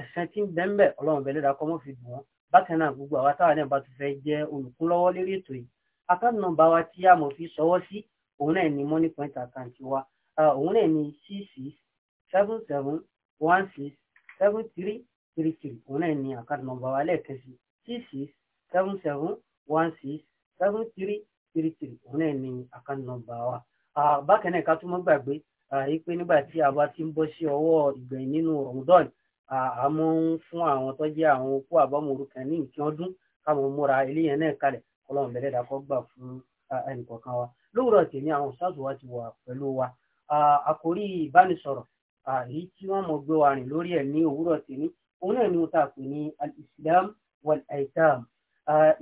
ẹ̀sẹ̀ tí ń bẹ́ńbẹ̀ ọlọ́run bẹ̀lẹ́dà kọ́ mọ́ fi dùn wọ́n bákan náà gbogbo àwa táwa náà bá tún fẹ́ jẹ́ olùkúnlọ́wọ́ lérí ètò yìí account number wa tí a mọ̀ fi sọwọ́ sí òun náà ni money point account wa òun náà ni six six seven seven one six seven three three three òun náà ni account number wa lẹ́ẹ̀kan sí six six seven seven one six seven three three three òun náà ni account number wa bákan náà ká tún mọ́ gbàgbé yìí pé nígbà tí a bá ti ń bọ́ sí ọwọ́ ìgbẹ̀yìn nínú Ramadan àmọ́ ń fún àwọn tó jẹ́ àwọn opó àbámọ̀rú kan ní nǹkan ọdún káwọn múra eléyẹn náà kalẹ̀ ọlọ́run bẹ̀rẹ̀ dàkọ́ gbà fún ẹnìkọ̀ọ̀kan wa lówùrọ̀ tèmi àwọn ṣáàtù wa ti wà pẹ̀lú wa àkórí ìbánisọ̀rọ̀ èyí tí wọ́n mọ̀ gbé wa rìn lórí ẹ̀ ní òwúrọ̀ tèmi òun náà ni mo tàà pè ní al-islam wal-aitam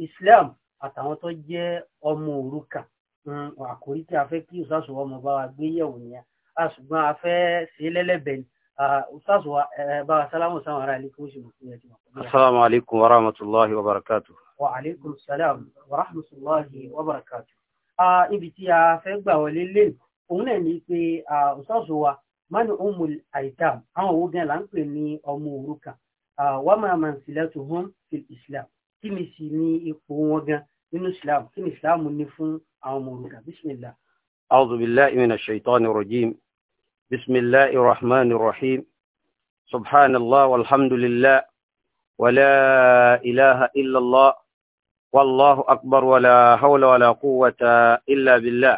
islam àtàwọn tó jẹ́ ọmọ òrukàn hmm, àkórí tí a fẹ́ kí ìṣàṣùwọ̀n ọmọ bá wa gbé yẹ̀wò nìyẹn a a fẹ́ ṣe lẹ́lẹ́bẹ̀ẹ́ Uh, Ustazuwa eh, ba salamu sama ara alaikum shi mutum ya ji Assalamu alaikum wa rahmatullahi wa barakatu. Wa alaikum salam wa rahmatullahi wa barakatu. Ah, ibi tí a fẹ́ gbà wọlé lè, òun náà ní pé ah, Ustazuwa Mani Umul Aitam, àwọn owó gan la ń pè ní ọmọ òrukàn. Ah, wa ma mansilatuhum fil Islam. Kí ni sì ní ipò wọn gan nínú Islam? Kí ni Islam ní fún àwọn ọmọ òrukàn? Bismillah. A'udhu billahi minash shaitani rajim. بسم الله الرحمن الرحيم سبحان الله والحمد لله ولا إله إلا الله والله أكبر ولا حول ولا قوة إلا بالله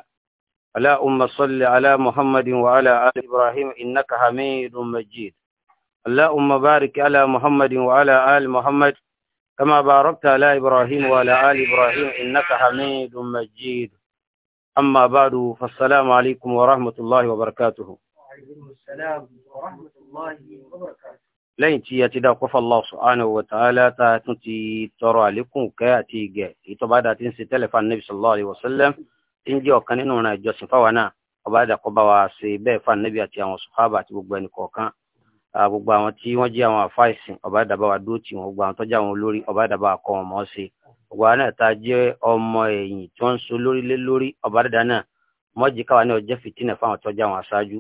ألا أم صل على محمد وعلى آل إبراهيم إنك حميد مجيد اللهم بارك على محمد وعلى آل محمد كما باركت على إبراهيم وعلى آل إبراهيم إنك حميد مجيد أما بعد فالسلام عليكم ورحمة الله وبركاته وعليكم السلام ورحمة الله وبركاته lẹ́yìn tí a ti dá kọ́fà Allah subhanahu wa ta'ala ta tún ti tọrọ àlékún kẹ́ àti ìgẹ̀ ìtọ́bádà tí ń ṣe tẹ́lẹ̀fà Nabi sallallahu alaihi wasallam tí ń jẹ́ ọ̀kan nínú ọ̀nà ìjọsìn fáwọn náà ọba àdàkọ́ bá wa ṣe bẹ́ẹ̀ fà Nabi àti àwọn sùhábà àti gbogbo ẹnì kọ̀ọ̀kan gbogbo àwọn tí wọ́n jẹ́ àwọn àfa ìsìn ọba wa dúró tì wọ́n gbogbo àwọn tọ́jà mọ́jì káwa ní ọjọ́ fìtínà fáwọn tó jáwọn aṣáájú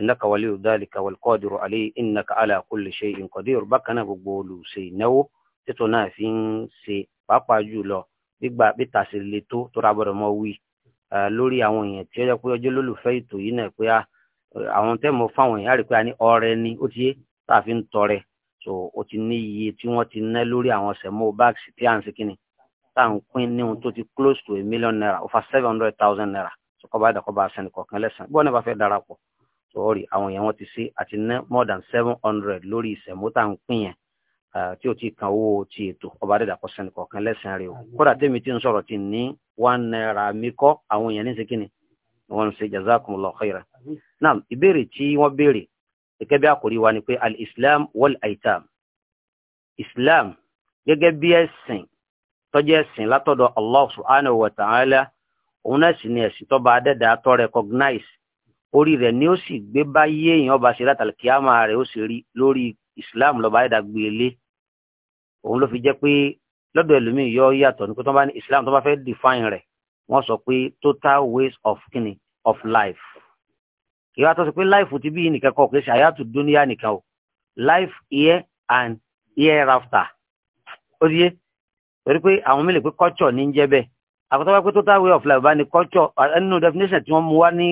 innaka waliyu dhalika wal qadiru alayhi innaka ala kulli shay'in qadir bákan náà gbogbo olùṣe ìnáwó títò náà fi ń ṣe pàápàá jùlọ gbígbà bíta sí le tó tó ra bọ̀dọ̀ mọ́ wí lórí àwọn èèyàn tí ó yẹ pé ọjọ́ lólùfẹ́ ètò yìí náà pé ah, àwọn tẹ́ mọ fáwọn èèyàn rí pé a ní ọrẹ ni ó ti yé tá a fi ń tọrẹ so ó ti ní iye tí wọ́n ti ná lórí àwọn sẹ̀mó bags tá à ń pín ní ohun tó ti close to a million naira over seven hundred thousand naira sọkọba àdàkọba àṣẹni kọ̀ọ̀kan lẹ́sàn bí wọ́n náà bá fẹ́ darapọ̀ sọ̀rọ̀ àwọn èèyàn wọn ti ṣe àti ná more than seven hundred lórí ìṣẹ̀mótà ń pín yẹn tí o ti kan owó ti ètò ọba àdàkọ̀ ṣẹni kọ̀ọ̀kan lẹ́sàn rẹ o kódà tèmi ti ń sọ̀rọ̀ ti ní one naira mi kọ́ àwọn èèyàn ní ṣe kíni wọn ṣe jazakumullahu khairan náà ìbéèrè tí wọ́n béèrè gẹ́gẹ́ bí àkòrí wa ni pé al-islam wal aitam islam gẹ́gẹ́ bí ẹ̀sìn tó jẹ́ ẹ̀sìn látọ̀dọ̀ allah subhanahu wa ta'ala òun náà sì ni ẹ̀sìn tọ́ba adẹ́dàá tó recognize orí rẹ̀ ni ó sì gbé báyé èèyàn ọba ṣe látàlẹ́ kí á máa rẹ̀ ó sì rí lórí Islam lọ́ba adẹ́dàá gbé e lé òun ló fi jẹ́ pé lọ́dọ̀ ẹlòmíì yọ yàtọ̀ ní pé tó ní Islam tó bá fẹ́ define rẹ̀ wọ́n sọ pé total waste of kini of life ìwà tó sọ pé life ti bí nìkan kọ kì í ṣe àyàtò dúníyà nìkan o life here and hereafter ó di yé torí pé àwọn mílè pé culture ní ń jẹ́ bẹ́ẹ̀ àkọ́tọ́wá pé total way of life bá ní culture nínú definition tí wọ́n mú wá ní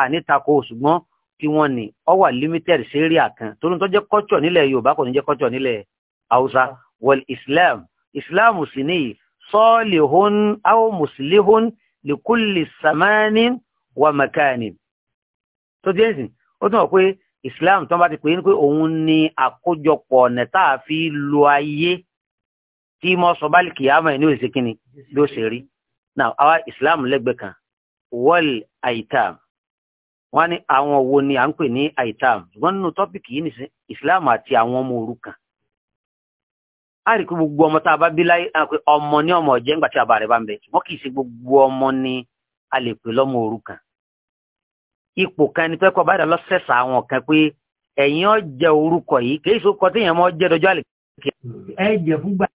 àní tako ṣùgbọ́n tí wọ́n ní ọ wà limited sí area kan tó ní tó jẹ́ culture nílẹ̀ Yorùbá kò ní jẹ́ culture nílẹ̀ Haúsá wal Islam Islam sì ní sọ́ọ̀lìhún aw muslihun likulli samanin wa makanin tó jẹ́ ìsìn ó tún wọ̀ pé Islam tó bá ti pè é ní pé òun ni àkójọpọ̀ ọ̀nà tá a fi lo ayé tí mo sọ bá lè kìyàmọ̀ ẹ̀ ní òṣèkínni bí ó ṣe rí. Now our islam lẹ́gbẹ̀ẹ́ kan wọ́ọ̀l àìtàm wọ́n ní àwọn wo ni à ń pè ní àìtàm ṣùgbọ́n nínú tọ́pìkì yìí nìsín islam àti àwọn ọmọ òrukàn a rí i pé gbogbo ọmọ tá a bá bí láyé pé ọmọ ní ọmọ ọ̀jẹ́ ńgbà tí a bá rẹ̀ bá ń bẹ ṣùgbọ́n kì í ṣe gbogbo ọmọ ni a lè pè lọ́mọ òrukàn ipò kan ni pẹ́kọ̀ báyìí lọ sẹ̀sà àwọn kan pé ẹ̀yin ọ̀jẹ̀ orúkọ yìí kì í ṣe orúkọ téèyàn mọ́ jẹ́ dọjọ́ àlè. ẹ jẹ fúgbà.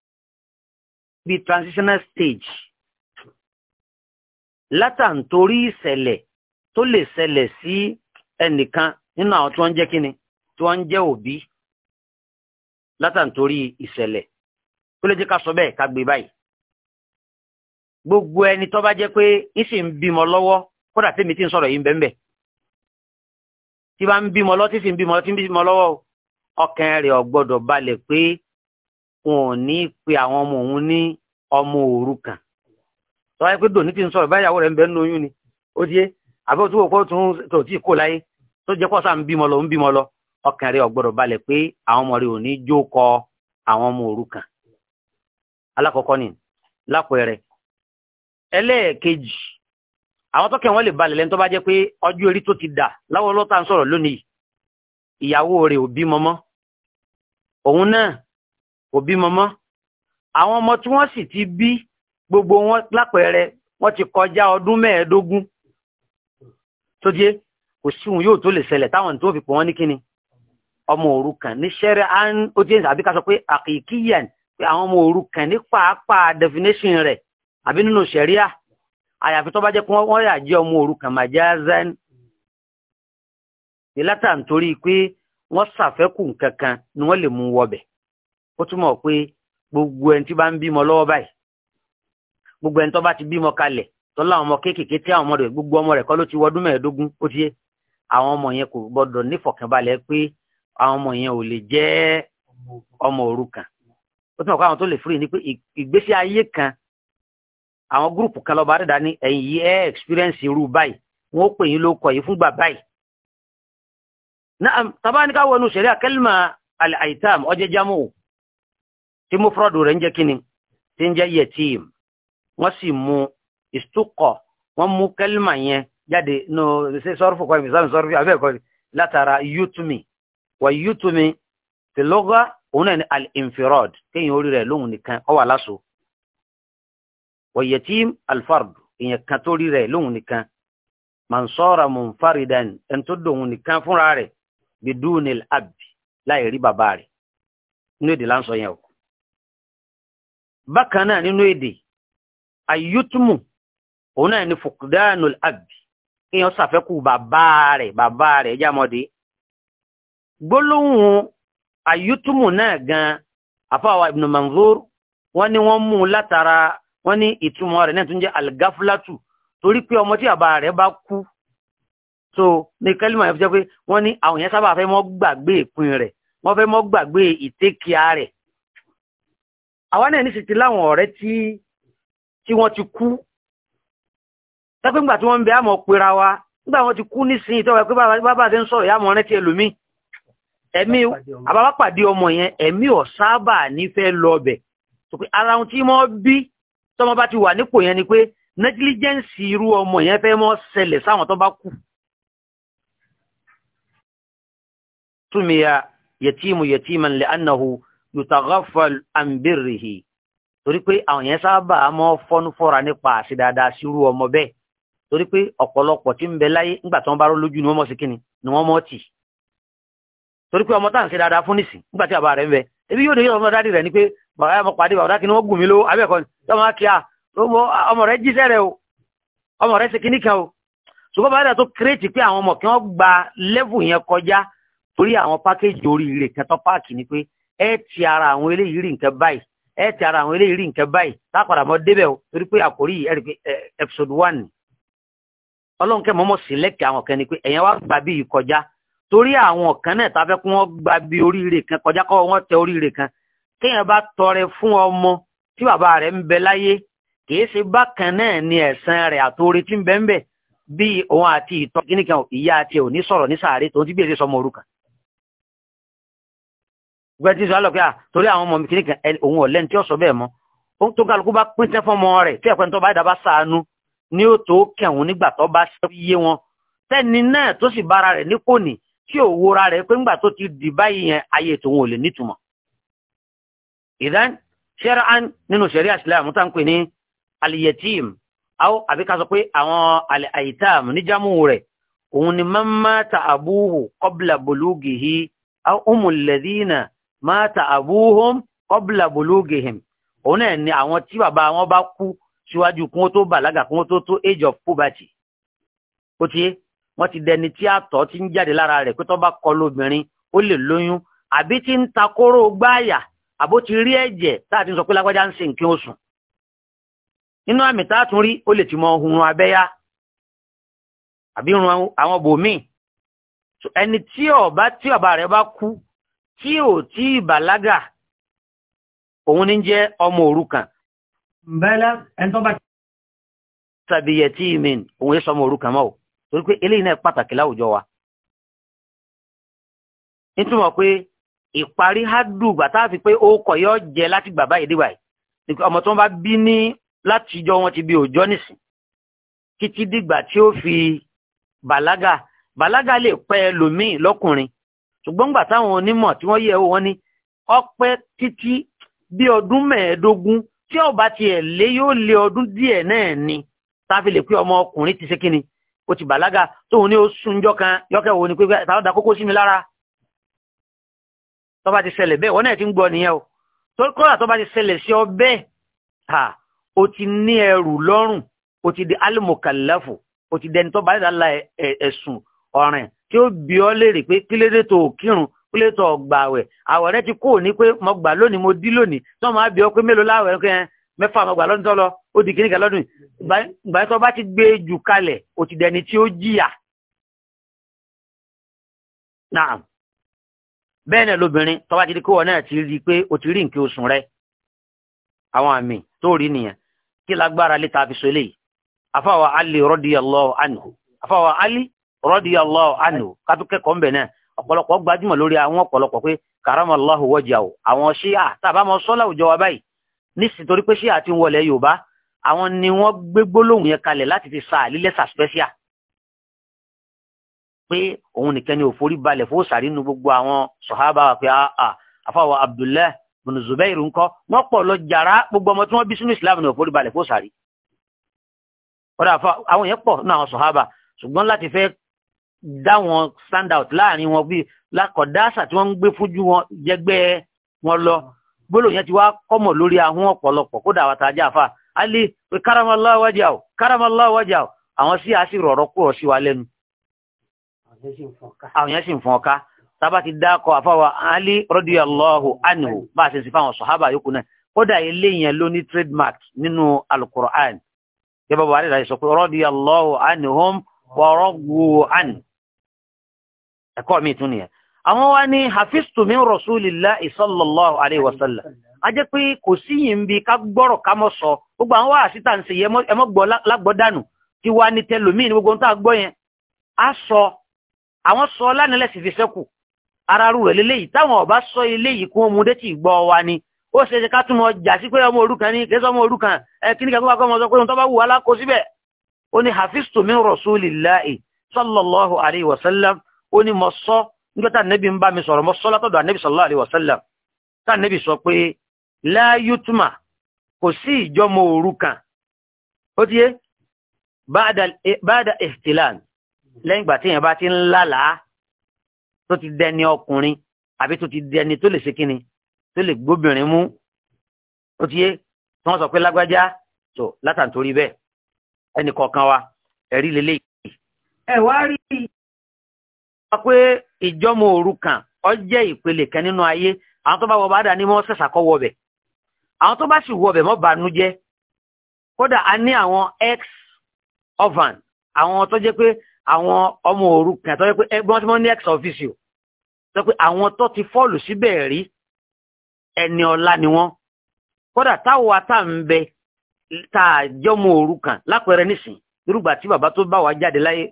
bí transitional stage látàntorí ìṣẹ̀lẹ̀ tó lè ṣẹlẹ̀ sí ẹnìkan nínú àwọn tí wọ́n ń jẹ́ kíni tí wọ́n ń jẹ́ òbí látàntorí ìṣẹ̀lẹ̀ tó lè jẹ́ ká sọ bẹ́ẹ̀ ká gbé báyìí gbogbo ẹni tó bá jẹ́ pé ń sì ń bímọ lọ́wọ́ kódà tèmi tí ń sọ̀rọ̀ yìí bẹ́ẹ̀ tí bá ń bímọ lọ́wọ́ tí sì ń bímọ lọ́wọ́ tí ń bímọ lọ́wọ́ ọkàn rẹ̀ ò balẹ̀ pé wọn ò ní pe àwọn ọmọ òun ní ọmọ òrukàn tọ́ ayé pé dòní ti ń sọ̀rọ̀ báyàwó rẹ̀ ń bẹ́ nínú oyún ni ó di é àbẹ́ òtún òkú tún tó tí kò láyé tó jẹ́ pọ́sà ń bímọ lọ ń bímọ lọ ọkàn rẹ̀ ọ̀gbọ́dọ̀ balẹ̀ pé àwọn ọmọ rẹ̀ ò ní jó kọ àwọn ọmọ òrukàn alákọ̀ọ́kọ́ ni lápẹẹrẹ ẹlẹ́ẹ̀kejì àwọn tọ́kẹ̀ wọn lè balẹ̀ lẹ́nu tó bá jẹ́ pé ọjọ́ orí tó ti dà láwọn àwọn ọmọ tí wọ́n sì ti bí gbogbo wọn lápẹẹrẹ wọn ti kọjá ọdún mẹ́ẹ̀ẹ́dógún tó dé kò sí òun yóò tó lè ṣẹlẹ̀ táwọn tó fi wọn ní kíni ọmọ òrukàn ní ṣẹ́rẹ́ an ó ti àbí ká sọ pé àkìkíyàn àwọn ọmọ òrukàn ní pàápàá definition rẹ àbí nínú àyàfi tó bá pé yà ọmọ nítorí pé kankan ni wọn lè mú ó pé gbogbo ẹni tí bá ń bímọ gbogbo ẹni tó bá ti bímọ kalẹ̀ tó ọmọ kéékèèké tí àwọn ọmọ gbogbo ọmọ rẹ̀ kọ́ ló ti wọ ọdún mẹ́ẹ̀ẹ́dógún ó ti yé àwọn ọmọ yẹn kò gbọdọ̀ nífọ̀kànbalẹ̀ pé àwọn ọmọ yẹn ò lè jẹ́ ọmọ kan ó tún ọ̀kọ́ àwọn tó lè fúri ní pé ìgbésí ayé kan àwọn gúrùpù kan lọ́ba àdàdà ẹ̀yìn yìí ẹ́ kọ fúngbà báyìí. wọ́n sì mú ìstukọ̀ wọ́n mú kẹ́límà yẹn jáde nù ṣe sọ́rọ́fù kọ́ ìmìsàn sọ́rọ́fù abẹ́ẹ̀kọ́ látara yútùmí wà yútùmí tìlọ́gà òun náà ni al-infirad kéèyàn orí rẹ̀ lóhùn nìkan ó wà láṣọ wà yatim alfard èèyàn kan tó rí rẹ̀ lóhùn nìkan mansora munfaridan ẹni tó dòhùn nìkan fúnra rẹ̀ bidunil abi láì rí bàbá rẹ̀ nínú èdè láǹsọ yẹn o bákan náà nínú èdè Ayutumu òun náà ni fòkúdánù àbí èèyàn ṣàfẹ́kù bàbá rẹ̀ bàbá rẹ̀ ẹjá mọ́dé gbólóhùn ayútùmù náà gan afáwa ibn manzur wọ́n ní wọ́n mú látara wọ́n ní ìtumọ̀ rẹ̀ náà tún jẹ́ algafulatu torí pé ọmọ tí bàbá rẹ̀ bá kú so ní kẹ́lìmọ̀ yẹn fi jẹ́ pé wọ́n ní àwọn yẹn sábà fẹ́ mọ́ gbàgbé ìpín rẹ̀ wọ́n fẹ́ mọ́ gbàgbé ìtẹ́kíá rẹ̀ àwọn náà ní sì ti láwọn ọ̀rẹ́ tí tí wọ́n ti kú tẹ́pẹ́ ńgbà tí wọ́n ń bẹ àmọ́ pera wa nígbà wọ́n ti kú nísìnyí tọ́wọ́ pé bàbá ti ń sọ̀rọ̀ yá mọ́ rántí ẹlòmíì ẹ̀mí àbábá pàdé ọmọ yẹn ẹ̀mí ọ̀sáàbà nífẹ̀ẹ́ lọ ọbẹ̀ ara ohun tí mọ́ bí tọ́mọ bá ti wà nípò yẹn ni pé negligence irú ọmọ yẹn fẹ́ mọ́ ṣẹlẹ̀ sáwọn tó bá kú. túnmíyà yẹtíìmù yẹtíìmù lẹ́ánnahu torí pé àwọn yẹn sábà mọ́ fọ́nú fọ́ra nípa àṣedáadáa sírú ọmọ bẹ́ẹ̀ torí pé ọ̀pọ̀lọpọ̀ tí ń bẹ láyé ńgbà tí wọ́n bá rọ́ lójú ni wọ́n mọ̀ sí kíni ni wọ́n mọ̀ tì torí pé ọmọ tá à ń ṣe dáadáa fún nìsín nígbà tí bàbá rẹ̀ ń bẹ ebi yóò dé ọmọ dáàdì rẹ̀ ni pé bàbá yà mọ̀ pàdé bàbá kí ni wọ́n gùn mí ló abẹ́ẹ̀kọ́ ni ọmọ akíá ọmọ rẹ̀ jíṣẹ́ rẹ̀ o ọmọ rẹ̀ ṣe kíní kan o ṣùgbọ́n bàbá rẹ̀ tó kírètì pé àwọn ọmọ kí wọ́n gba lẹ́vù yẹn kọjá torí àwọn pákéjì oríire kan páàkì ni pé ẹ ti ara àwọn eléyìí rí nǹkan báyìí ẹ ti ara àwọn eléyìí rí nǹkan báyìí tápàdà mọ́ débẹ̀ o torí pé àkórí ẹ̀rí pé episode one ọlọ́run kẹ́ mọ́mọ́ sílẹ̀kì àwọn kan ni pé ẹ̀yẹn wá gbà bí kọjá torí àwọn kan náà tá a fẹ́ kí wọ́n gbà bí oríire kan kọjá kọ́ wọ́n tẹ oríire kan kéèyàn bá tọrẹ fún ọmọ tí bàbá rẹ̀ ń bẹ láyé kìí ṣe bákan náà ni ẹ̀san rẹ̀ àtòrí tí ń bẹ bí òun gbẹ tí sọ́lọ́ pé à ah, torí àwọn ọmọ mi kìíní kan òun ọ̀lẹ́ tí ó sọ bẹ́ẹ̀ mọ́ tó kálukú bá pín tẹ́ fọ́mọ rẹ̀ tí ẹ̀pẹ́ tó bá dá bá sàánú ní ó tó kẹ̀hún nígbà tó bá yé wọn tẹ́ni náà tó sì bára rẹ̀ ní kò ní tí ò wora rẹ̀ pé ńgbà tó ti dì báyìí yẹn ayé tòun ò lè nítumọ̀. ìdán ṣẹ́ra án nínú ṣẹ̀rí àṣìláàmù tá ń pè ní aliyetim aw àbí ká sọ pé àwọn àìtàm níjàmù rẹ̀ òun ni mamata abuhu qabla bulugihi aw umul ladina mata abuhum qabla bulugihim òun náà ni àwọn tí bàbá wọn bá kú síwájú kún ó tó bàlágà kún ó tó tó age of puberty ó ti yé wọ́n ti dẹni tí àtọ̀ ti ń jáde lára rẹ̀ pé tó bá kọlu obìnrin ó lè lóyún àbí tí ń ta kóró gbáàyà àbó ti rí ẹ̀jẹ̀ táàtì ń sọ pé lágbájá ń ṣe nǹkan oṣù nínú àmì táàtún rí ó lè ti mọ ohun abẹ́yá àbí run àwọn bòmíì ẹni tí ọba tí ọba rẹ̀ bá kú tí ò tí ìbàlágà òun ní jẹ́ ọmọ òrukàn. bẹ́lẹ̀ ẹni tó bá sàbíyẹ̀ tí ìmìn òun yẹ́ sọmọ òrukàn mọ́ ò torí pé eléyìí náà pàtàkì láwùjọ wa. nítumọ̀ pé ìparí hádùgbà tá a fi pé ó kọ̀ yọ jẹ láti bàbá ìdíwà yìí ọmọ tó ń bá bí ní látijọ́ wọn ti bí òjọ́ nìsín títí dìgbà tí ó fi bàlágà bàlágà lè pẹ́ ẹlòmíì lọ́kùnrin ṣùgbọ́n gbà táwọn onímọ̀ tí wọ́n yẹ̀ wò wọ́n ní ọpẹ́ títí bí ọdún mẹ́ẹ̀ẹ́dógún tí ọba tiẹ̀ lé yóò lé ọdún díẹ̀ náà ni táfi lè pé ọmọ ọkùnrin ti ṣe kíni ó ti bàlágà tóun ní ó sunjọ́ kan yọ́kẹ́ wo ni pé táwọn da kókó sí mi lára tọ́ba ti ṣẹlẹ̀ bẹ́ẹ̀ wọ́n náà ti ń gbọ́ nìyẹn o tó kọ́ra tọ́ba ti ṣẹlẹ̀ sí ọ bẹ́ẹ̀ ha o ti ní ẹrù lọ́rùn o ti di alimokalafu o ti dẹni tọ́ba ẹ̀dá la ẹ̀sùn ọ̀rìn tí ó bi ọ́ léèrè pé kílédé tó kírun kílédé tó gbààwẹ̀ àwẹ̀ rẹ ti kú òní pé mo gbà lónìí mo dí lónìí tí wọ́n máa bi ọ́ pé mélòó láwẹ̀ rẹ mẹ́fà mo gbà lọ́dún tó lọ ó di kíníkà lọ́dún ìgbà tó bá ti gbé jù kalẹ̀ ó ti dẹni tí ó jìyà. bẹ́ẹ̀ náà lóbìnrin tó bá ti di kówọ náà ti rí i pé o ti rí nǹkan oṣù rẹ àwọn àmì tó rí nìyẹn kí lágbára lè ta fi so eléyìí afáwa Ali radiyallahu anhu afáwa Ali radiyallahu anhu kátókẹ́kọ̀ọ́ ńbẹ̀ náà ọ̀pọ̀lọpọ̀ gbajúmọ̀ lórí àwọn ọ̀pọ̀lọpọ̀ pé karamallahu wajhahu àwọn ṣíà tàbá mọ sọ́lá òjò wa báyìí nísìsiyìí torí pé ṣíà ti ń wọlé yorùbá àwọn ni wọ́n gbé gbólóhùn yẹn kalẹ̀ láti fi sa àlílẹ̀ sàspẹ́ṣíà pé òun nìkan ni òforí balẹ̀ fó sàrí nu gbogbo àwọn sọ̀hábà wa pé ah, ah, àfàwọ̀ abdullahi bin zubair ńkọ́ wọ́n pọ̀ lọ jàrá gbogbo ọmọ tí wọ́n bí sínú islam ni òforí balẹ̀ fó sàrí. ọ̀dà àwọn yẹn pọ̀ nínú àwọn sọ̀hábà ṣùgbọ́n láti fẹ́ dá wọn stand out láàrin wọn bí lákọ̀dáṣà tí wọ́n ń gbé fújú wọn jẹgbẹ́ wọn lọ gbólóhùn mm. yẹn ti wá kọ́mọ̀ lórí ahọ́n ọ̀pọ̀lọpọ̀ kódà àwọn àtàjà àfà alẹ́ pé karamallahu wajhahu karamallahu wajhahu àwọn sí àá sì rọ̀rọ̀ kúrọ̀ sí wa lẹ́nu. àwọn yẹn sì ń fọn ká tába ti dákọ àfàwà alẹ́ radiyallahu anhu mm. bá a ṣe sì fáwọn sọ̀hábà yòókù náà kódà eléyìn ló ní trademark nínú alukur'an yẹ bàbá àdìdà sọ pé radiyallahu anhum wa radu anhu ẹ̀kọ́ mi tún nìyẹn àwọn wá ní hafistu min rasulillahi sallallahu alaihi wasallam a jẹ́ pé kò sí yìí ń bi ká gbọ́rọ̀ ká mọ́ sọ gbogbo àwọn wáhà síta ń se yẹ ẹmọ́ gbọ́ lágbọ́dánù kí wá ní tẹlòmíì ní gbogbo tá gbọ́ yẹn a sọ àwọn sọ lánàlẹ̀ sì fi sẹ́kù ara rú rẹ̀ lélẹ́yìí táwọn ọba sọ eléyìí kún omu dé tí tó sallallahu alaihi wasallam ó ní mo sọ nígbà tá nẹ́bí ń bá mi sọ̀rọ̀ mo sọ látọ̀dọ̀ ànẹ́bí sallallahu alaihi wasallam tá nẹ́bí sọ pé la yutma kò sí ìjọmọ òru kan ó ti yé báàdà ihtilan lẹ́yìn ìgbà tí èèyàn bá ti ń lálàá tó ti dẹni ọkùnrin àbí tó ti dẹni tó lè ṣe kíni tó lè gbóbìnrin mú ó ti yé tí wọ́n sọ pé lágbájá tó látàntorí bẹ́ẹ̀ ẹnì kọ̀ọ̀kan wa ẹ̀rí lélẹ́yìí. ẹ wá rí i pé ìjọ́mọ òrukàn ó jẹ́ ìpele kan nínú ayé àwọn tó bá wọ bàdà ni wọ́n ṣẹ̀ṣà kọ́ wọbẹ̀ àwọn tó bá sì wọbẹ̀ mọ́ bànújẹ́ kódà a ní àwọn ex orphan àwọn tó jẹ́ pé àwọn ọmọ òrukàn tó jẹ́ pé ẹgbọ́n tí wọ́n ní ex officio tó pé àwọn tó ti fọ́ọ̀lù síbẹ̀ rí ẹni ọlá ni wọ́n kódà táwọn atá ń bẹ tá a jọ́mọ òrukàn lápẹẹrẹ nísìnyí irúgbà tí bàbá tó bá wà jáde láyé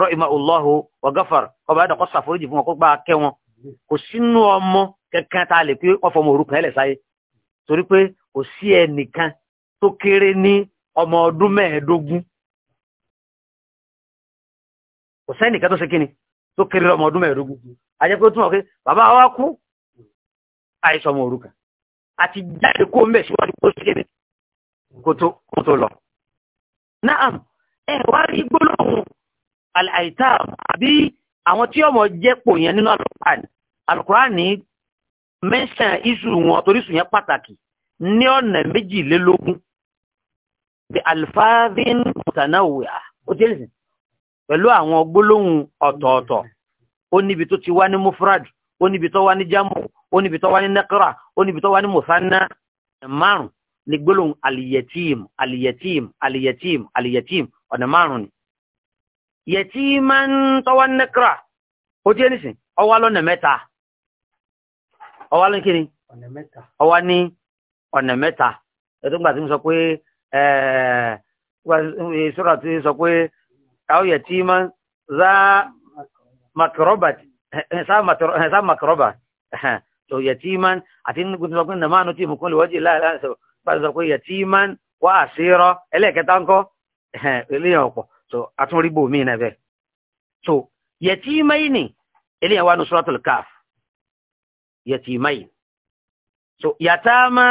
rọ ìmọ̀ ọlọ́hu ọgọ́fàr ọba ẹ̀dọ̀ kọ́ sàforíjì fún wọn kó wọn kò sínú ọmọ kankan tá a lè pé wọ́n fọmọ òrukàn ẹlẹ̀ torí pé kò sí ẹnìkan tó kéré ní ọmọ ọdún mẹ́ẹ̀ẹ́dógún kò sẹ́nìkan tó ṣe kíni tó kéré ọmọ ọdún mẹ́ẹ̀ẹ́dógún ajẹ́ pé ó túnmọ̀ pé bàbá wa kú àìsàn ọmọ àti jáde náà ẹ wá rí gbólóhùn àìtá àbí àwọn tí ọmọ jẹ́ pò yẹn nínú alukurani alukurani mẹ́sàn isu wọn torí sùn yẹn pàtàkì ní ọ̀nà méjìlélógún bí alifáàdín mùtànáwìá ó pẹ̀lú àwọn gbólóhùn ọ̀tọ̀ọ̀tọ̀ ó níbi tó ti wá ní mufrad ó níbi tó wá ní jamu ó níbi tó wá ní ó ní gbólóhùn aliyetim aliyetim aliyetim aliyetim ọ̀nà márùn ni yetiman tọwa nẹ́kra ó tí ẹni sìn ọwá lọ́nà mẹ́ta ọwá lọ́nà kíni ọwá ní ọ̀nà mẹ́ta ẹ̀tọ́ gbà tí mo sọ pé ìṣúra tí sọ pé àwọn yetiman za makrobat sa makrobat so yetiman àti nígbà tí mo sọ pé nàmánú tí mo kún lè wájú láàrín sọ̀rọ̀ báyìí pé yatiman wa asira ẹlẹ́ẹ̀kẹta ńkọ́ eléyàn ọ̀pọ̀ so atúnrígbò míì náà bẹ́ẹ̀ so yatimayni eléyàn wà ní suratul kaf yatimayni so yatama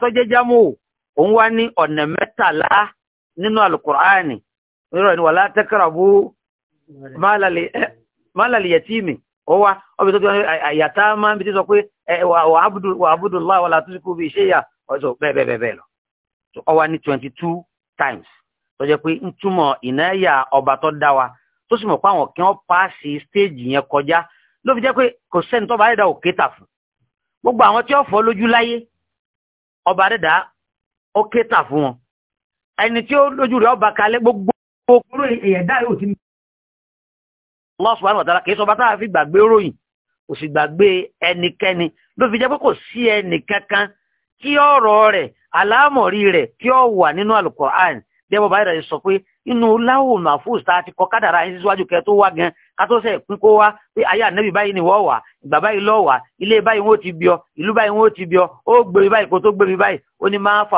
tọ́jẹ́ jámù òun wá ní ọ̀nà mẹ́tàlá nínú alukur'ani nírọ̀ ni wala takrabu málàlì eh, yatimi ó wá ọbẹ̀ tó ti wọ́n yatama bí ti sọ pé eh, wà abudullah wala tusiku bi shay'a ọ̀ṣọ́ bẹẹ bẹẹ bẹẹ bẹẹ lọ ó wá ní twenty two times tó jẹ́ pé ń ìnáyà ọba tó dá wa tó sì mọ̀ pé àwọn kí wọ́n paasi stage yẹn kọjá ló fi jẹ́ pé kò òkè gbogbo àwọn tí ọfọ fọ́ lójú láyé ọba tà fún wọn ẹni tí gbogbo yóò ti sọba fi gbàgbé ròyìn kò sì gbàgbé ẹnikẹ́ni ló fi jẹ́ pé kí ọ̀rọ̀ rẹ̀ aláàmọ̀rí rẹ̀ kí ọ wà nínú alukoran dẹ́bọ̀ báyìí sọ pé inú láwùn mahfuz tá a ti kọ kádàrá yín síwájú kẹ tó wá gan ká tó sẹ pín kó wá pé ayé ànábì báyìí ni wọ́n wà ìgbà báyìí lọ́ wà ilé báyìí wọ́n ti ìlú báyìí ti ó gbé mi báyìí kó tó gbé mi báyìí ó ní máa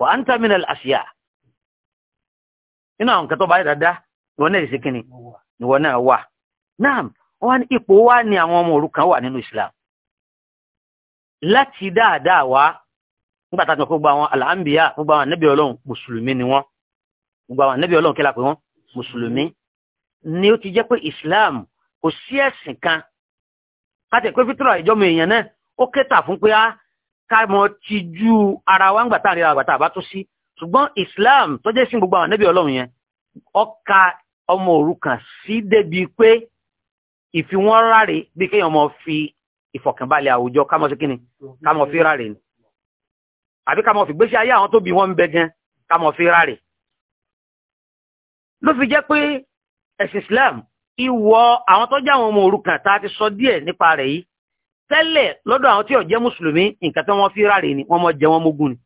wa anta inú àwọn kẹtọ́ báyìí dáadáa ìwọ náà wọ́n ní ipò wá ní àwọn ọmọ òrukàn wà nínú islam láti dáadáa wá nígbà tá a ti mọ̀ pé gbogbo àwọn alhambiya gbogbo àwọn anábì ọlọ́run mùsùlùmí ni wọ́n gbogbo àwọn anábì ọlọ́run kílà pé wọ́n mùsùlùmí ni ó ti jẹ́ pé islam kò sí ẹ̀sìn kan káti pé fítúrọ̀ ìjọmọ èèyàn náà ó kẹta fún pé á ká mọ tijú ara wa ń tá a rí ara gbà tó sí ṣùgbọ́n islam tó jẹ́ sí gbogbo àwọn anábì ọlọ́run yẹn ó ka ọmọ òrukàn sí débi pé ìfiwọ́n ráre bí kéèyàn mọ̀ fi ìfọ̀kànbalẹ̀ àwùjọ kámọ́ sí kíni kámọ́ fi ráre ni àbí kámọ́ fi gbéṣẹ́ ayé àwọn tó bí wọ́n ń bẹ gan kámọ́ fi ráre ló fi jẹ́ pé ẹ̀sìn Islam ìwọ àwọn tó jẹ́ àwọn ọmọ òrukàn tá a ti sọ díẹ̀ nípa rẹ̀ yìí tẹ́lẹ̀ lọ́dọ̀ àwọn tí ò jẹ́ mùsùlùmí nǹkan tí wọ́n fi ráre ni wọ́n mọ̀ jẹ wọ́n mógún ni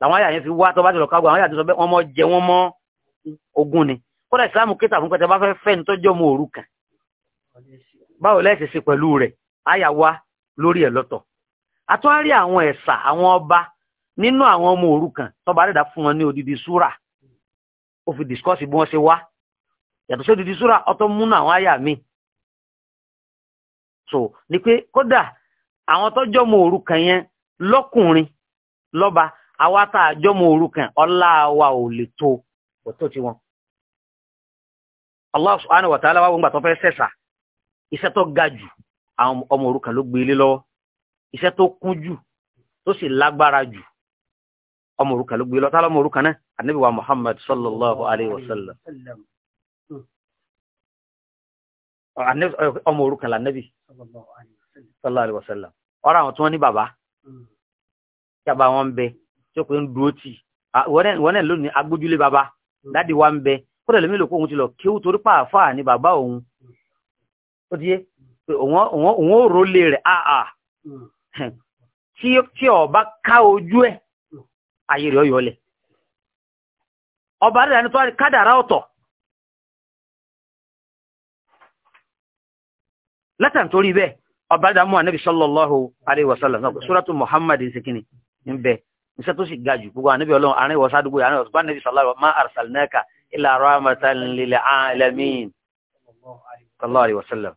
làwọn àyà yẹn fi wá tó bá ti lọ kágbó àwọn àyà tó sọ bẹ́ẹ̀ wọ́n mọ̀ jẹ wọ́n mọ́ ogún ni kódà Islam kéta fún pẹ́tẹ́ bá fẹ́ fẹ́ ní tọ́jọ́ ọmọ òrukàn báwo lẹ́sẹ̀ sí pẹ̀lú rẹ̀ àyà wá lórí ẹ̀ lọ́tọ̀ àtúwárí àwọn ẹ̀sà àwọn ọba nínú àwọn ọmọ òrukàn tọ́ba dẹ́dà fún wọn ní odidi súrà ó fi dìskọ́sì bí wọ́n ṣe wá yàtọ̀ sí odidi súrà ọtọ́ múnú àwọn àyà mi so ni pé kódà àwọn tọ́jọ́ mọ òrukàn yẹn lọ́kùnrin lọ́ba àwa tá a jọ́ mọ òrukàn ọlá wa ò lè tó ọ̀tọ̀ tiwọn Allah subhanahu wa ta'ala wa gbogbo àtọ́fẹ́ sẹ̀sà iṣẹ́ tó ga jù àwọn ọmọ òrukàn ló gbélé lọ́wọ́ iṣẹ́ tó kún jù tó sì lágbára jù ọmọ òrukàn ló gbélé ọ̀tá lọ́mọ òrukàn náà ànábì wa Muhammad sallallahu alayhi wa sallam ọmọ òrukàn lànàbì sallallahu alayhi wa sallam ọ̀rọ̀ àwọn tí wọ́n ní bàbá tí a bá wọn bẹ tí ó pé ń dúró tì wọ́n náà lónìí agbójúlé bàbá dáàdi wa ń bẹ kó lè lómi lòkó òun ti lọ kí torí pàáfàá ní bàbá òun ó ti yé òun ò rólé rẹ̀ àà hmm. tí ọba ká ojú ẹ̀ ayé ọba ni ka ọba da mu anabi sallallahu alaihi wasallam náà suratu sikini ń bẹ iṣẹ́ tó sì ga sallallahu ma arsalnaka illa rahmatan lil alamin sallallahu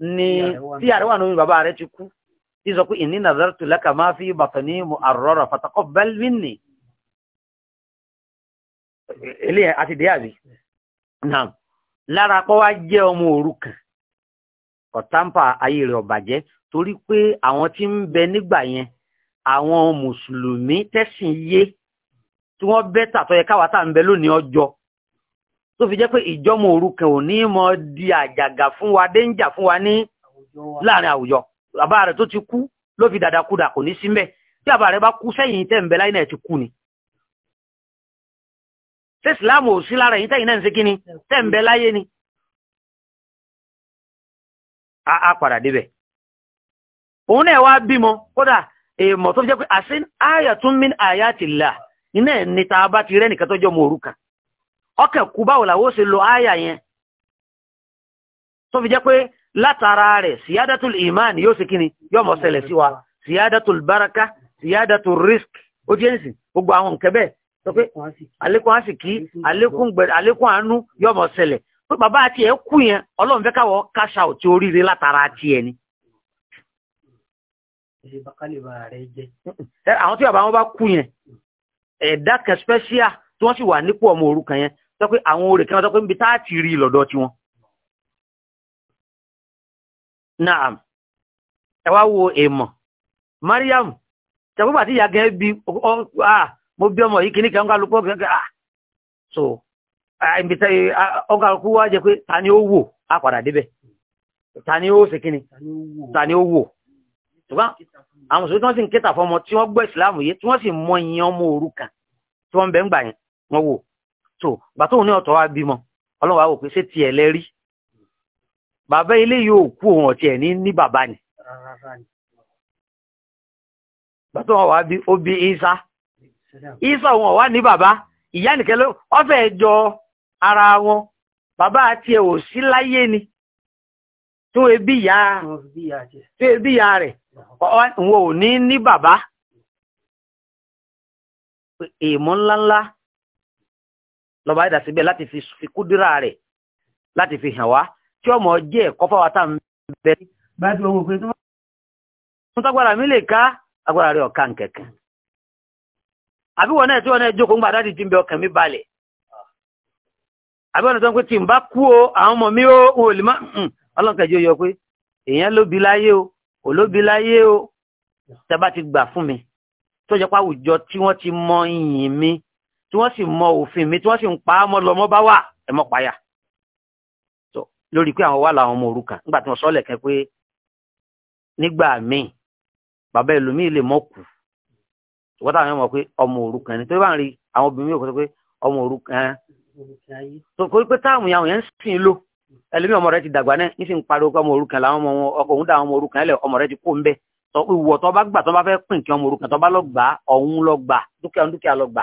ni tí àríwá nínú bàbá rẹ̀ ti kú tí sọ pé ìní nàzàrtù laka máa fi batni mu'arrara fataqabbal minni ilé àti dé àbí náà lára pọ́ wá jẹ́ ọmọ òrukàn ọ̀tàǹpà ayé rẹ̀ ọ̀bàjẹ́ torí pé àwọn tí ń bẹ nígbà yẹn àwọn mùsùlùmí tẹ̀sìn yé tí wọ́n bẹ́tà tó yẹ káwá ń bẹ lónìí ọjọ́ tó fi jẹ́ pé ìjọmọ òrukàn ò ní mọ di àjàgà fún wa déńjà fún wa ní láàrin àwùjọ bàbá rẹ̀ tó ti kú ló fi dàdà kúdà kò ní símbẹ̀ tí bàbá rẹ̀ bá kú sẹ́yìn tẹ́ láyé náà ti kú ni ṣé ìsìláàmù ò sí lára ẹ̀yin tẹ́yìn náà ń ṣe kí ni tẹ́ láyé ni a padà débẹ̀ òun náà wá bímọ kódà èèmọ̀ tó fi jẹ́ pé àṣín àyà tún mí àyà ti iná ẹ̀ ní bá ti rẹ́ tó jọ mọ òrukàn ọkẹ̀ kú báwo làwọ́ ṣe lo yẹn tó fi jẹ́ pé látara rẹ̀ siyadatul iman yóò ṣe kíni yóò mọ̀ sí wa baraka siyadatul risk ó jẹ́ gbogbo àwọn nǹkan bẹ́ẹ̀ sọ ki, àlékún àsìkí àlékún àánú yóò mọ̀ ṣẹlẹ̀ pé bàbá àti kú yẹn ọlọ́run fẹ́ káwọ́ káṣà ò tí látara ni. àwọn tí bàbá wọn bá kú yẹn ẹ̀dá kan special tí wọ́n sì wà nípò ọmọ yẹn sọ pé àwọn orè kan sọ pé níbi táàtì rí lọ́dọ̀ tí wọn. naam ẹ wá wo èèmọ̀ mariam tẹ̀wọ́n bàtí ìyá gẹ́gẹ́ bí mo bí ọmọ yìí kìíní kan kálukú gẹ́gẹ́ ah so ibi tẹ́ ọkàlùkù wá jẹ pé ta ni ó wò á padà débẹ̀ ta ni ó ṣe kíni ta ni ó wò ṣùgbọ́n àwọn òṣèré tí wọ́n sì ń kéta fọmọ tí wọ́n gbọ́ ìsìláàmù yìí tí wọ́n sì mọ ìyẹn ọmọ òrukàn tí wọ́n bẹ̀ ń gbà yẹn wọ́n wò so bàtà òun ní ọ̀tọ̀ wa bímọ ọlọ́run wò pé ṣé tiẹ̀ rí bàbá ilé yóò kú òun ọ̀tí ẹ̀ ní ní bàbá ni bàtà òun wà bí ó bí isa isa òun ọ̀wá ní bàbá ìyá nìkan ló ọ̀fẹ́ jọ ara wọn bàbá tiẹ̀ ò sí láyé ni tó ebi ìyá tó ebi ìyá rẹ̀ òun ò ní ní bàbá èèmọ̀ ńláńlá. lọ́ba ẹ̀dá síbẹ̀ láti fi kúdírà rẹ̀ láti fi hàn wá tí ọmọ jẹ́ ẹ̀kọ́ fáwa tá ń bẹ. báyìí ohun òfin tó wá. mo tágbára mi lè ká agbára rẹ̀ ọ̀ka nkẹ̀kẹ́. àbí wọn náà tí wọn náà jókòó ń gbà dáàdì tí ń bẹ ọkàn mi balẹ̀. àbí wọn náà tó ń pè tí n bá kú o àwọn ọmọ mi ó n ò lè má hmm, ọlọ́nkẹ́jọ yọ pé èèyàn lóbi láyé o olóbi láyé o tẹ́ bá ti gbà fún mi tó jẹ́ pé àwùjọ tí wọ́n ti mọ iyìn mi tí wọ́n sì mọ òfin mi tí wọ́n sì ń pa á mọ́ lọ mọ́ bá wà ẹ mọ́ páyà tó lórí pé àwọn wà láwọn ọmọ òrukàn nígbà tí wọ́n sọ lẹ̀kẹ́ pé nígbà míì bàbá ẹlòmíì lè mọ́ kù wọ́n táwọn ọmọ pé ọmọ òrukàn ni tó bá ń rí àwọn obìnrin òkú sọ pé ọmọ òrukàn tó kó pé táwọn ìyàwó yẹn ń sìn lò ẹlòmíì ọmọ rẹ ti dàgbà náà ní sì ń pariwo ọmọ òrukàn làwọn ọmọ ọkọ òun dà àwọn ọmọ bá gbà tó bá fẹ́ pín ọmọ òrukàn tó bá lọ gbà ọ̀hún lọ gbà dúkìá dúkìá lọ gbà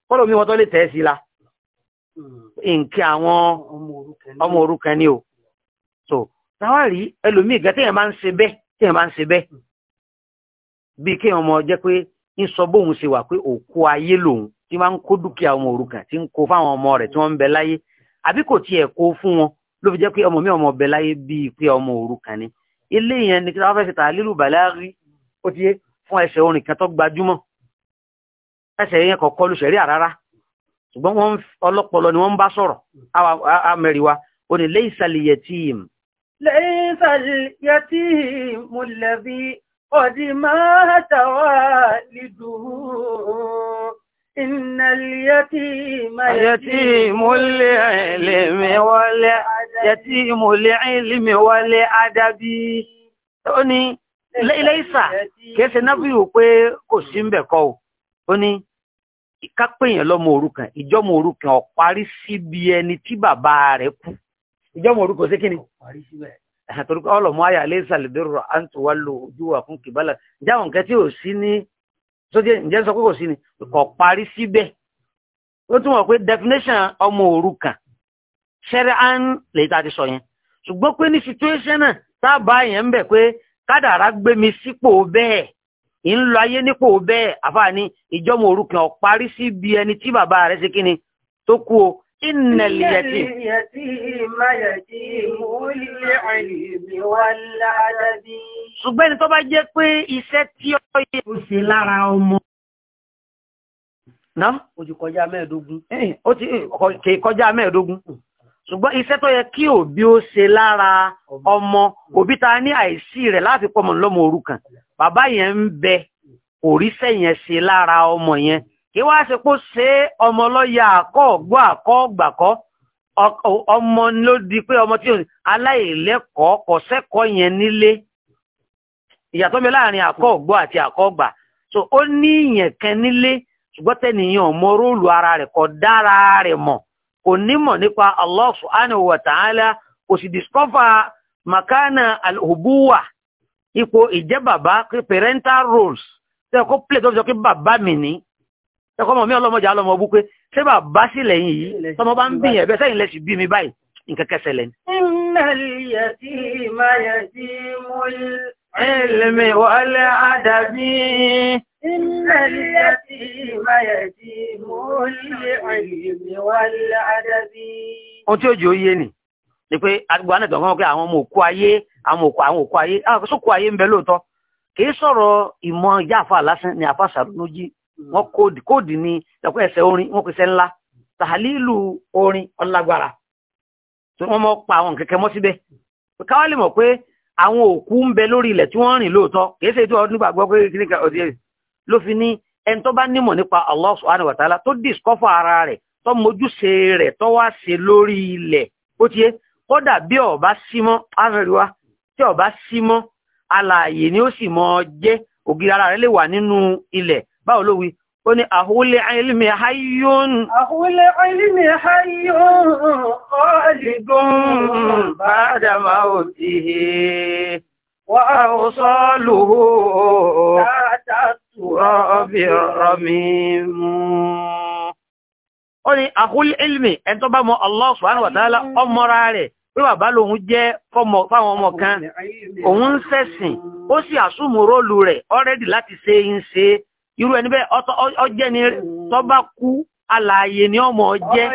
kọ́lọ̀ mi wọ́n tó lè tẹ̀ sí la nǹkan hmm. àwọn ọmọ òrukàn ni o so táwárí ẹlòmíì gan téèyàn máa ń ṣe bẹ́ẹ̀ téèyàn máa ń ṣe bẹ́ẹ̀ hmm. bíi kéèyàn ọmọ jẹ́ pé ń sọ bóun ṣe wà pé òkú ayé lòun tí máa ń kó dúkìá ọmọ òrukàn tí ń kó fáwọn ọmọ rẹ̀ tí wọ́n ń bẹ láyé àbí kò tiẹ̀ kó fún wọn ló fi jẹ́ pé ọmọ mi ọmọ ọbẹ̀ láyé bíi pé ọmọ òrukàn ni ilé yẹn ni kí wọ́n fẹ́ fi tà lílù bàlárí ó ti yé fún ẹsẹ̀ orin kan gbajúmọ̀ ẹsẹ̀ yẹn kọ̀kọ́ lu ṣẹ̀ríà rárá ṣùgbọ́n wọ́n ọlọ́pọlọ ni wọ́n bá sọ̀rọ̀ amẹ́ríwá ó ní laysa al-yatim. laysa al-yatim alladhi qad mata waliduhu inna al-yatima yatimu lil-ilmi wal yatimu lil-ilmi wal adabi ó ní laysa kìí ṣe náà fi wò pé kò sí ń bẹ̀ kọ́ ò ó ní. kápẹ́yàn lọ́mọ òrukàn ìjọ́mọ ọmụ ọ̀parí síbi ẹni tí bàbá rẹ̀ kú ìjọ́mọ òrukàn ṣé kíni àtòrúkọ ọlọ́mọ ayà lè sàlẹ̀dọ́rọ̀ à ń tó wá lo ojú wa fún kìbálà jáwọn nǹkan tí ò sí ní sóde ǹjẹ́ sọ pé kò sí ni kò síbẹ̀ ó tún wọ̀ pé definition ọmọ ṣẹ́rẹ́ à ń lè ta ti sọ yẹn ṣùgbọ́n pé ní situation náà yẹn ń bẹ̀ pé ń lọ ayé nípò bẹ́ẹ̀ àfààní ìjọmọ òrukàn ọ̀parí sí bí ẹni tí bàbá rẹ̀ ṣe kíni tó kú o inna liyati ṣùgbọ́n ẹni tó bá jẹ́ pé iṣẹ́ tí ó yẹ kó ṣe lára ọmọ náà ó ti kọjá mẹ́ẹ̀ẹ́dógún eh, ó ti kọjá mẹ́ẹ̀ẹ́dógún ṣùgbọ́n iṣẹ́ tó yẹ kí òbí ó ṣe lára ọmọ òbí ta ní àìsí rẹ̀ láti pọ̀mọ̀ lọ́mọ òrukàn bàbá yẹn ń bẹ òríṣẹ́ yẹn ṣe lára ọmọ yẹn kí wá ṣe pó ṣe ọmọ lọ́yà àkọ́ ọ̀gbọ́ àkọ́ ọ̀gbàkọ́ ọmọ ló di pé ọmọ tí aláìlẹ́kọ̀ọ́ kọ̀ṣẹ́kọ̀ọ́ yẹn nílé ìyàtọ̀ mi láàrin àti àkọ́ ọ̀gbà so ó ní ìyẹn kan nílé ṣùgbọ́n ara rẹ̀ dára rẹ̀ mọ̀ kò nípa Allah subhanahu wa makana al ipò ìjẹ́ bàbá kí parental roles tẹ́kọ́ plate of jockey bàbá mi ní tẹ́kọ́ mọ̀ mí ọlọ́mọjà ọlọ́mọ bú pé ṣé bàbá sí lẹ́yìn yìí tọmọ bá ń bí yẹn bẹ́ẹ̀ sẹ́yìn lẹ́sì bí mi báyìí nǹkan kẹsẹ̀ lẹ́ni. innal yatima yatimul ilmi wal adabi innal yatima yatimul ilmi wal adabi. ohun tí ó jẹ́ òye ni ni pé àgbà náà tọ̀kọ́ pé àwọn ọmọ òkú ayé àwọn òkú àwọn òkú ayé àkókò ayé ń bẹ lóòótọ́ kì í sọ̀rọ̀ ìmọ̀ ìjà àfa lásán ni àfa sàrúnújì wọn kóòdì kóòdì ni ẹ̀kọ́ ẹ̀sẹ̀ orin wọn ńlá orin ọlágbára tí wọ́n mọ̀ pa àwọn kẹ̀kẹ́ mọ́ síbẹ̀ káwá lè mọ̀ pé àwọn òkú ń bẹ lórí ilẹ̀ tí rìn kì í ṣe tí pé kí ní ká ló fi ní tí ó bá sí mọ́ alààyè ni ó sì mọ́ jẹ́ ògiri ara rẹ̀ lè wà nínú ilẹ̀ báwo ló wí ó ní àhúlé ilmi hayyún àhúlé ilmi hayyún ọ̀lẹ́gùn ba'da mawtihi wa awsaluhu látàtúrọ̀bì rọ̀mímú ó ní àhúlé ilmi ẹni tó bá mọ̀ Allah subhanahu wa ta'ala ọmọ rẹ̀ pé bàbá lòun jẹ́ fáwọn ọmọ kan òun ń ṣẹ̀sìn ó sì àsùnmù rẹ̀ ọ́rẹ́dì láti ṣe ń ṣe irú ẹni bẹ́ẹ̀ ọjẹ́ ni kú alààyè ni ọmọ jẹ́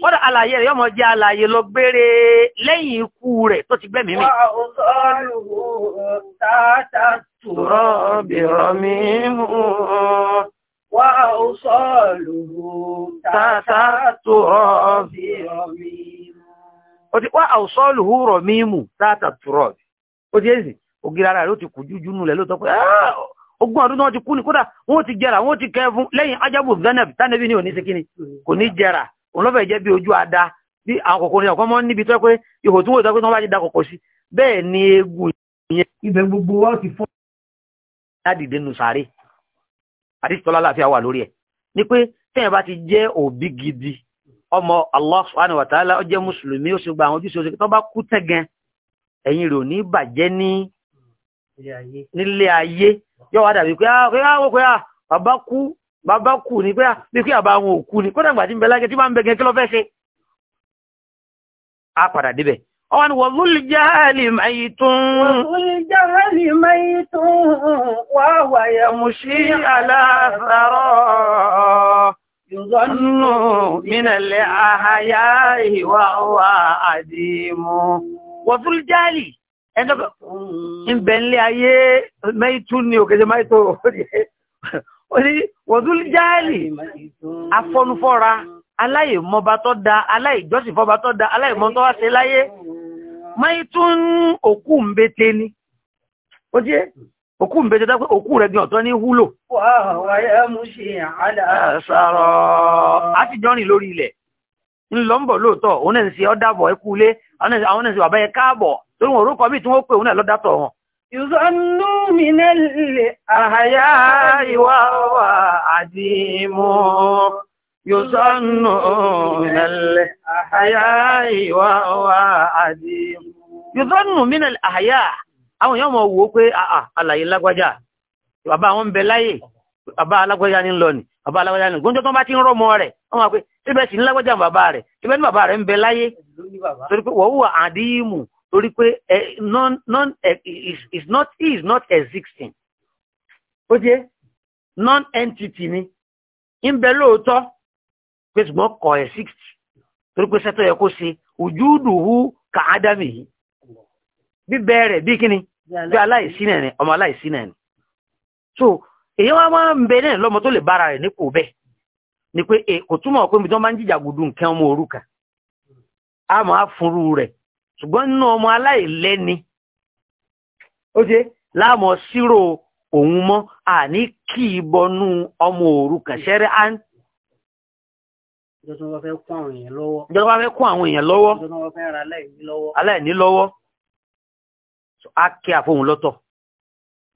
kọ́dà alààyè rẹ̀ ọmọ jẹ́ alààyè lọ gbére lẹ́yìn ikú rẹ̀ tó ti gbẹ́mìí Wa تحت التراب رميم وأوصاله رميم تحت التراب ó ti ẹ́sìn ògiri ara rẹ̀ ó ti kù jújú nulẹ̀ ló tọ́ pé ah, ogún ti kú ní kódà ti jẹrà wọ́n ti kẹ́ fún lẹ́yìn ajábò zanab tánàbí ní ni síkíní kò ní jẹrà òun lọ́fẹ̀ẹ́ jẹ́ ada ti da ni eegun àdìsí tọ́lá láàfin àwà lórí ẹ̀ ni pé tẹ́yìn bá ti jẹ́ òbí gidi ọmọ Allah subhanahu wa ta'ala ó jẹ́ mùsùlùmí ó sì gba àwọn ojúṣe tó bá kú tẹ́gàn ẹ̀yìn rẹ̀ ò ní bàjẹ́ ní nílé ayé yóò wá dàbí pé àwọn ah, pé ah, ah, bàbá kú bàbá kú ni pé bí pé àbá àwọn òkú ni kódà gbàdí ń bẹ lágẹ tí máa ń bẹ gẹ kí ló fẹ́ ṣe á padà débẹ̀ ọwọ́n wọ̀zúlì jáàlì mayi tún wọ̀zúlì jáàlì mayi tún wàwà yẹ mú sí aláàrọ̀ yùzọ́nù mínàlẹ̀ àhàyà ìwà wà àdìmú wọ̀zúlì jáàlì ẹnọ́kọ̀ ìbẹ̀lẹ̀ mm. ayé mayi tún ni òkèjẹ mayi tó orí wọ̀zúlì jáàlì afọ́nufọ́ra aláìmọba tó da aláìjọ́sìfọ́ba tó da aláìmọ́ tó láyé maitun òkú ń bété ní ó jẹ́ òkú ń bété dápé òkú rẹ̀ gbìn ọ̀tọ́ ní húlò àtijọ́rin lórí ilẹ̀ ńlọ́mbọ̀ lóòtọ́ òun náà sí ọ́dàbọ̀ ẹkú ilé àwọn náà sí bàbá yẹ káàbọ̀ torí wọn orúkọ míì tí wọ́n pè òun náà lọ́dàtọ̀ wọn Ìzọ́nú mìnẹ́lẹ̀ àhàyà àhàyà ìwà wà yudhannu min al-ahya àwọn èèyàn mọ̀ wò ó pé àlàyé ah, ah, lágbájá bàbá àwọn ń bẹ láyé bàbá alágbájá ní lọ ni bàbá alágbájá ní gbọ́njọ́ tó bá ti ń rọ́mọ rẹ̀ wọ́n máa pé ibẹ̀ sì ní lágbájá bàbá rẹ̀ ibẹ̀ ní bàbá rẹ̀ ń bẹ láyé torí pé wọ́n wà àdíyìmù torí pé eh, non non eh, is not is not existing ó jẹ́ non entity ni ń bẹ lóòótọ́ pé ṣùgbọ́n kọ̀ ẹ̀ sixty torí pé sẹ́tọ̀ yẹ kó ṣe ojúdùú kàádámì yìí bíbẹ́ rẹ̀ bí kíni bí aláìsí náà ni ọmọ aláìsí náà ni so èyí wọn máa ń bẹ náà lọ́mọ tó lè bára rẹ̀ nípò bẹ́ẹ̀ ni pé e, kò túmọ̀ pé ibi tí wọ́n ń jìjà gùdù nǹkan ọmọ òrukàn á máa fúnrú rẹ̀ ṣùgbọ́n nínú ọmọ aláìlẹ́ni ó ṣe láàmú sírò òun mọ́ àní kí ìbọnú ọmọ òrukàn ṣẹ́rẹ́ á ń ìjọba fẹ́ kún àwọn èèyàn lọ́wọ́ aláìní lọ́wọ́ so á kí àfohùn lọ́tọ̀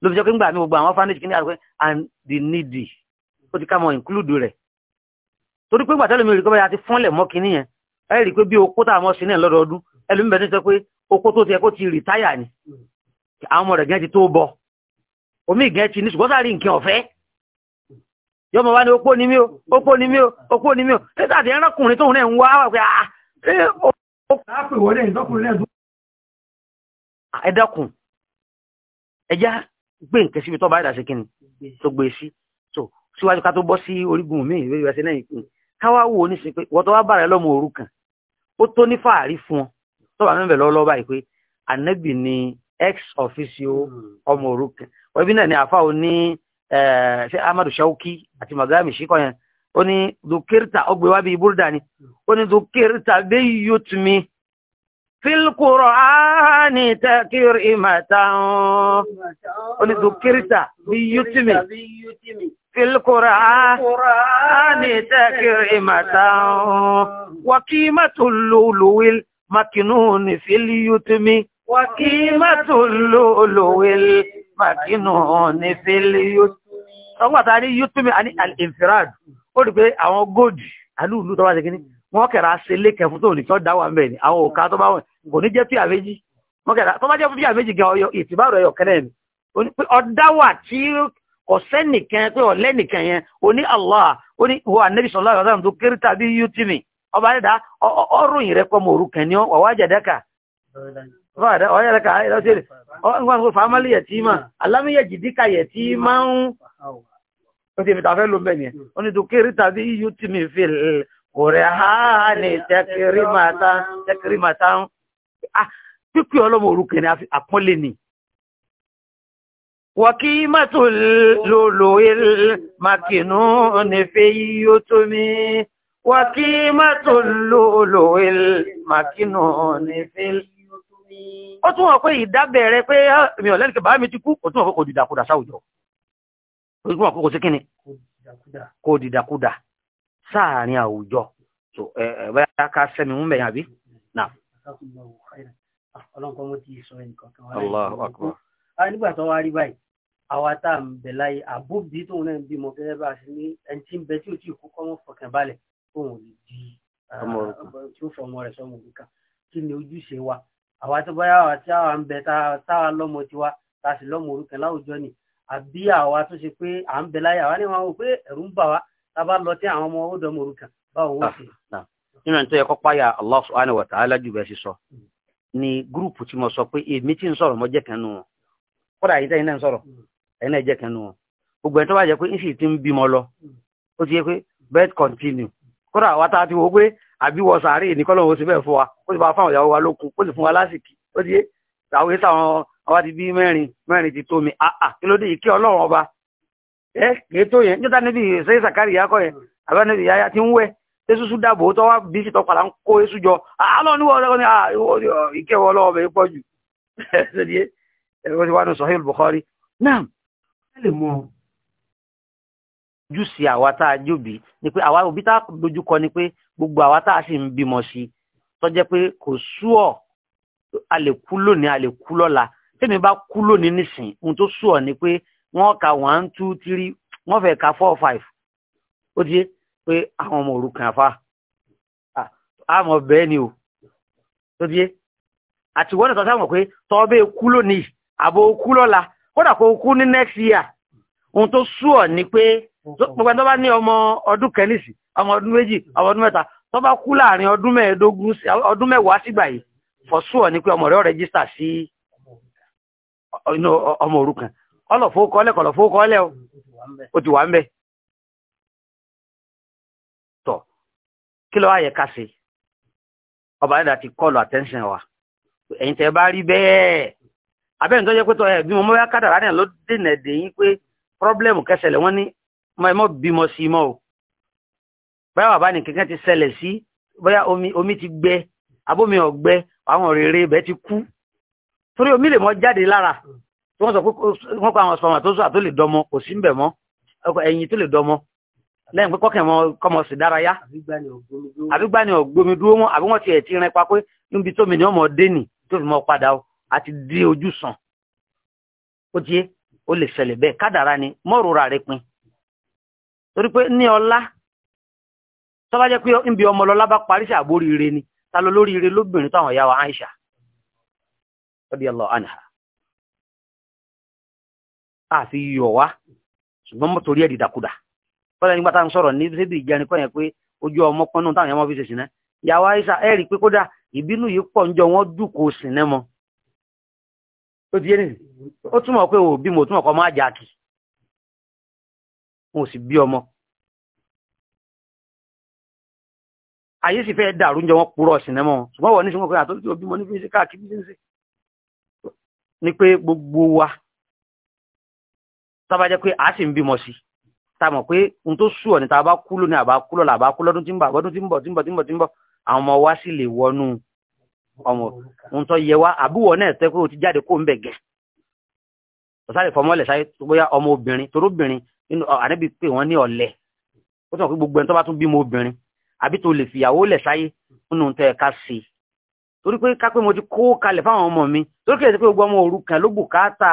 ló fi jọ pé ń gbà mí gbogbo àwọn fanage kìíní àgbẹ̀ and the needy ó ti ká mọ include rẹ̀ torí pé gbàtẹ́lẹ̀ mi rí kọ́bẹ̀ àti fúnlẹ̀ mọ́ kìíní yẹn ẹ rí pé bí okó tá a mọ́ sí náà lọ́dọọdún ẹlòmí bẹ̀rẹ̀ sọ pé okó tó ti ẹ kó ti rìtáyà ni àwọn ọmọ rẹ̀ gẹ́ ti tó bọ̀ omi ìgẹ́ ti ní ṣùgbọ́n sáré nǹkan ọ̀fẹ́ yọmọ wa ni okó ni mí o okó ni mí o okó ni mí o ṣé tàbí ẹrankunrin ẹ dákun ẹjá gbé nǹkan síbi tó bá yàrá sí kíni tó gbé sí so síwájú ká tó bọ́ sí orígun mi ìwé ìwé náà ìpín káwá wò ó nísìnyí pé wọ́n tó wá bàrẹ̀ lọ́mọ òrukàn ó tó ní fàárí fún ọ tó bá mẹ́bẹ̀ lọ́wọ́ báyìí pé ànábì ni ex officio ọmọ òrukàn wọ́n ibi náà ni àfa ò ní ṣe amadu shauki àti magami ṣíkọ yẹn ó ní dukirta ọgbẹ́ bíi búrúdà ni ó ní dukirta bẹ́ẹ̀ yóò tún mi fílkùrọ̀ áánì tẹ́kìrì ìmọ̀tàn onídùkírítà bí yútìmì fílkùrọ̀ áánì tẹ́kìrì ìmọ̀tàn wàkímẹ́tò lòlòwìl makinúni fílì yútìmì wàkímẹ́tò lòlòwìl makinúni fílì yútìmì. sọ́gbàtà ní yútìmì àní al-infirad ó rí pé àwọn góòdì àlúùlú tó wá kìíní wọn kẹ̀rà ṣe lékẹ̀ fún tòun nìkan dáwà ń bẹ̀ ni àwọn òka tó bá wọn kò ní jẹ́ píà méjì wọ́n kẹ̀rà tó bá jẹ́ píà méjì gan ọyọ ìtìbárò ẹyọ kẹ́nẹ̀ ni ọ̀dáwà tí ọ̀sẹ́ nìkan pé ọ̀lẹ́ nìkan yẹn ó ní Allah ó ní ìwọ ànẹ́bí sọ̀lá tó kéré tàbí yú tì mí ọba rẹ ni wàá jẹ̀dẹ́ka ń ti fi ní tó kéré tàbí yú kòrèhánì tẹkìrìmàtà pípẹ́ ọlọ́mọ orúkẹ ni àpọ́nlé ni wọ̀kí mẹ́tò lòlò makinu nífẹ́ yíó tó mi wọ̀kí mẹ́tò lòlò makinu nífẹ́ yíó tó mi ó tún wọ́n pé ìdábẹ̀rẹ̀ pé ah, mi ò lẹ́nìkẹ́ bá mi ti kú ó tún wọ́n pé kò dìdàkudà sáwùjọ ó tún wọ́n pé kò sí kíni kò dìdàkudà sáàárín àwùjọ so bẹ́ẹ̀ ká sẹ́mi mú mẹ́yàn àbí náà. Ah, ọlọ́nkọ́ mo ti sọ ẹnìkan kan wá láì ah, nígbà tó wá rí báyìí àwa tá à ń bẹ̀ láyé àbóbi tóun náà ń bímọ gẹ́gẹ́ bá a ṣe ní ẹni tí ń bẹ tí ò tí ì kú kọ́mọ́ fọkàn balẹ̀ tóun ò lè di ah, tí ó fọmọ rẹ̀ sọmọ òrùka kí ni ojúṣe wa àwa tó bá yàwá tí àwa ń bẹ táwa lọ́mọ tiwa tá a sì lọ́mọ òrukàn láwùjọ ni àbí àwa tó ṣe pé à ń bẹ láyé àwa ni wọn wò pé ẹ̀rù ń bà wá tábà lọ tí àwọn ọmọ ọdọ ọmọ òrukàn báwo wọ́n ah, ṣe. Ah. nínú ẹni tó yẹ kó páyà Allah subhanahu wa ta'ala jù bẹ́ẹ̀ ṣe sọ hmm. ni gúrùpù tí mo sọ pé èmi tí ń sọ̀rọ̀ mọ́ jẹ́ kan nù wọn kódà yìí tẹ́yìn náà ń sọ̀rọ̀ hmm. ẹ̀yìn náà jẹ́ kan nù wọn gbogbo ẹ̀ tó bá jẹ́ pé ìsì ti ń bímọ lọ hmm. ó ti yẹ pé bed continue kódà wa tá a ti wo pé àbí wọ sàárè ní kọ́lọ́ wo sí bẹ́ẹ̀ fún wa ó sì bá fáwọn ìyàwó wa lókun ó sì fún wa lásìkí ó ti yé àwọn èsì àwọn àwa ti bí mẹ́rin mẹ́rin ti tó mi àà ah, kí ló dé yìí kí ọlọ́run ọba ẹ kìí tó yẹn níta níbi ìṣe ìsàkárì yá kọ yẹn àbá níbi yáyá tí ń wẹ esu sùn dàbò tó wá bí ìṣìtọ́ padà ń kó esu jọ àlọ́ níwọ̀ ọ̀rẹ́ ní ìkẹwọ́ ọlọ́wọ́ bẹ̀ pọ̀ jù ṣèdíye ẹ̀rọ ti wá ní Sahih Bukhari náà ẹ lè mọ ojú sí àwa tá a jóbi ni pé àwa òbí tá a dojú kọ ni pé gbogbo àwa tá a sì ń bímọ sí tó jẹ́ pé kò sú ọ a kú lónìí a kú lọ́la tèmi bá kú lónìí nísìn ohun tó sú ọ ni pé wọ́n ka one two three wọ́n fẹ́ ka four five ó ti yé pé àwọn ọmọ òrukàn àfa àmọ̀ bẹ́ẹ̀ ni o ó ti yé àti wọ́n nìkan sáwọn pé tọ́ọ́bẹ̀ kú lónìí àbò kú lọ́la kódà kó kú ní next year ohun tó sú ọ ni pé gbogbo ẹni bá ní ọmọ ọdún kẹ́nìsì ọmọ ọdún méjì ọmọ ọdún mẹ́ta tó bá kú láàrin ọdún mẹ́ẹ̀ẹ́dógún ọdún mẹ́wàá sígbà yìí fọ̀sùọ̀ ni pé ọmọ rẹ̀ rẹ́gísítà sí ọmọ òrukàn ọlọ̀fókọ́lẹ̀ kọ̀lọ̀fókọ́lẹ̀ o ti wà ń bẹ̀ tọ̀ kí ló wá yẹ ká ṣe ọba ẹ̀dà ti kọlu attention wa ẹ̀yin tẹ́ bá rí bẹ́ẹ̀ abẹ́yìn tó yẹ pé tọ́ ẹ̀ bímọ mọ́ yá kádàrá náà ló dènà dèyìn pé problem kẹsẹ̀lẹ̀ wọ́n ní mọ́ bímọ sí mọ́ o báyà bàbá ní kankan ti ṣẹlẹ̀ sí bóyá omi ti gbẹ abómi ọ̀gbẹ àwọn òrèrè ibẹ̀ ti kú torí omi lè mọ́ jáde lára wọ́n sọ pé wọ́n pa àwọn sperma tó lè dọmọ kò sí ń bẹ̀ mọ́ ẹyin tó lè dọmọ lẹ́yìn pé kọ́kẹ́ mọ kọ́mọ sì dárayá àbí gbani ọ̀gbomi dúró mọ́ àbí ti ẹ̀ ti pa pé níbi tómi ni ọmọ dé nì tó fi mọ padà o àti dé ojú sàn ó ó lè ṣẹlẹ̀ ni rẹ pin torí pé ní ọlá jẹ́ pé níbi ọmọ lọ́lá àti yọ̀ wá ṣùgbọ́n mo torí ẹ̀ dìdàkudà fọlẹ́ nígbà tá à ń sọ̀rọ̀ ní ṣébi ìjẹrin kọ́ yẹn pé ojú ọmọ pọ́nú táwọn yẹn mọ́ fi ṣe sìnà ẹ̀ i pé kódà ìbínú yìí pọ̀ wọn mọ́ ó ó túmọ̀ pé mo túmọ̀ kọ́ máa jà kì mo sì bí ọmọ ayé sì fẹ́ dàrú ń wọ́n tábà jẹ́ pé a sì ń bímọ sí tá a mọ̀ pé n tó sùọ̀ ní tàbá kú lónìí àbá kú lọ́la àbá kú lọ́dún tí ń bọ̀ lọ́dún tí ń bọ̀ tí ń bọ̀ tí ń bọ̀ tí ń bọ̀ àwọn ọmọ wa sì lè wọnú ọmọ ohun tó yẹ wá àbúwọ náà tẹ́ pé o ti jáde kó ń bẹ̀ gẹ̀ sáré fọmọlẹ̀ sáré bóyá ọmọ obìnrin torobìnrin nínú ànábì pé wọ́n ní ọ̀lẹ ó tún pé gbogbo ẹni tó bá tún bímọ obìnrin àbí tó lè fìyàwó lẹ̀ sáyé nínú tẹ́ ká ṣe torí pé ká pé mo ti kó kalẹ̀ fáwọn ọmọ mi torí kí ẹ ti pé gbogbo ọmọ òrukàn ló bùkátà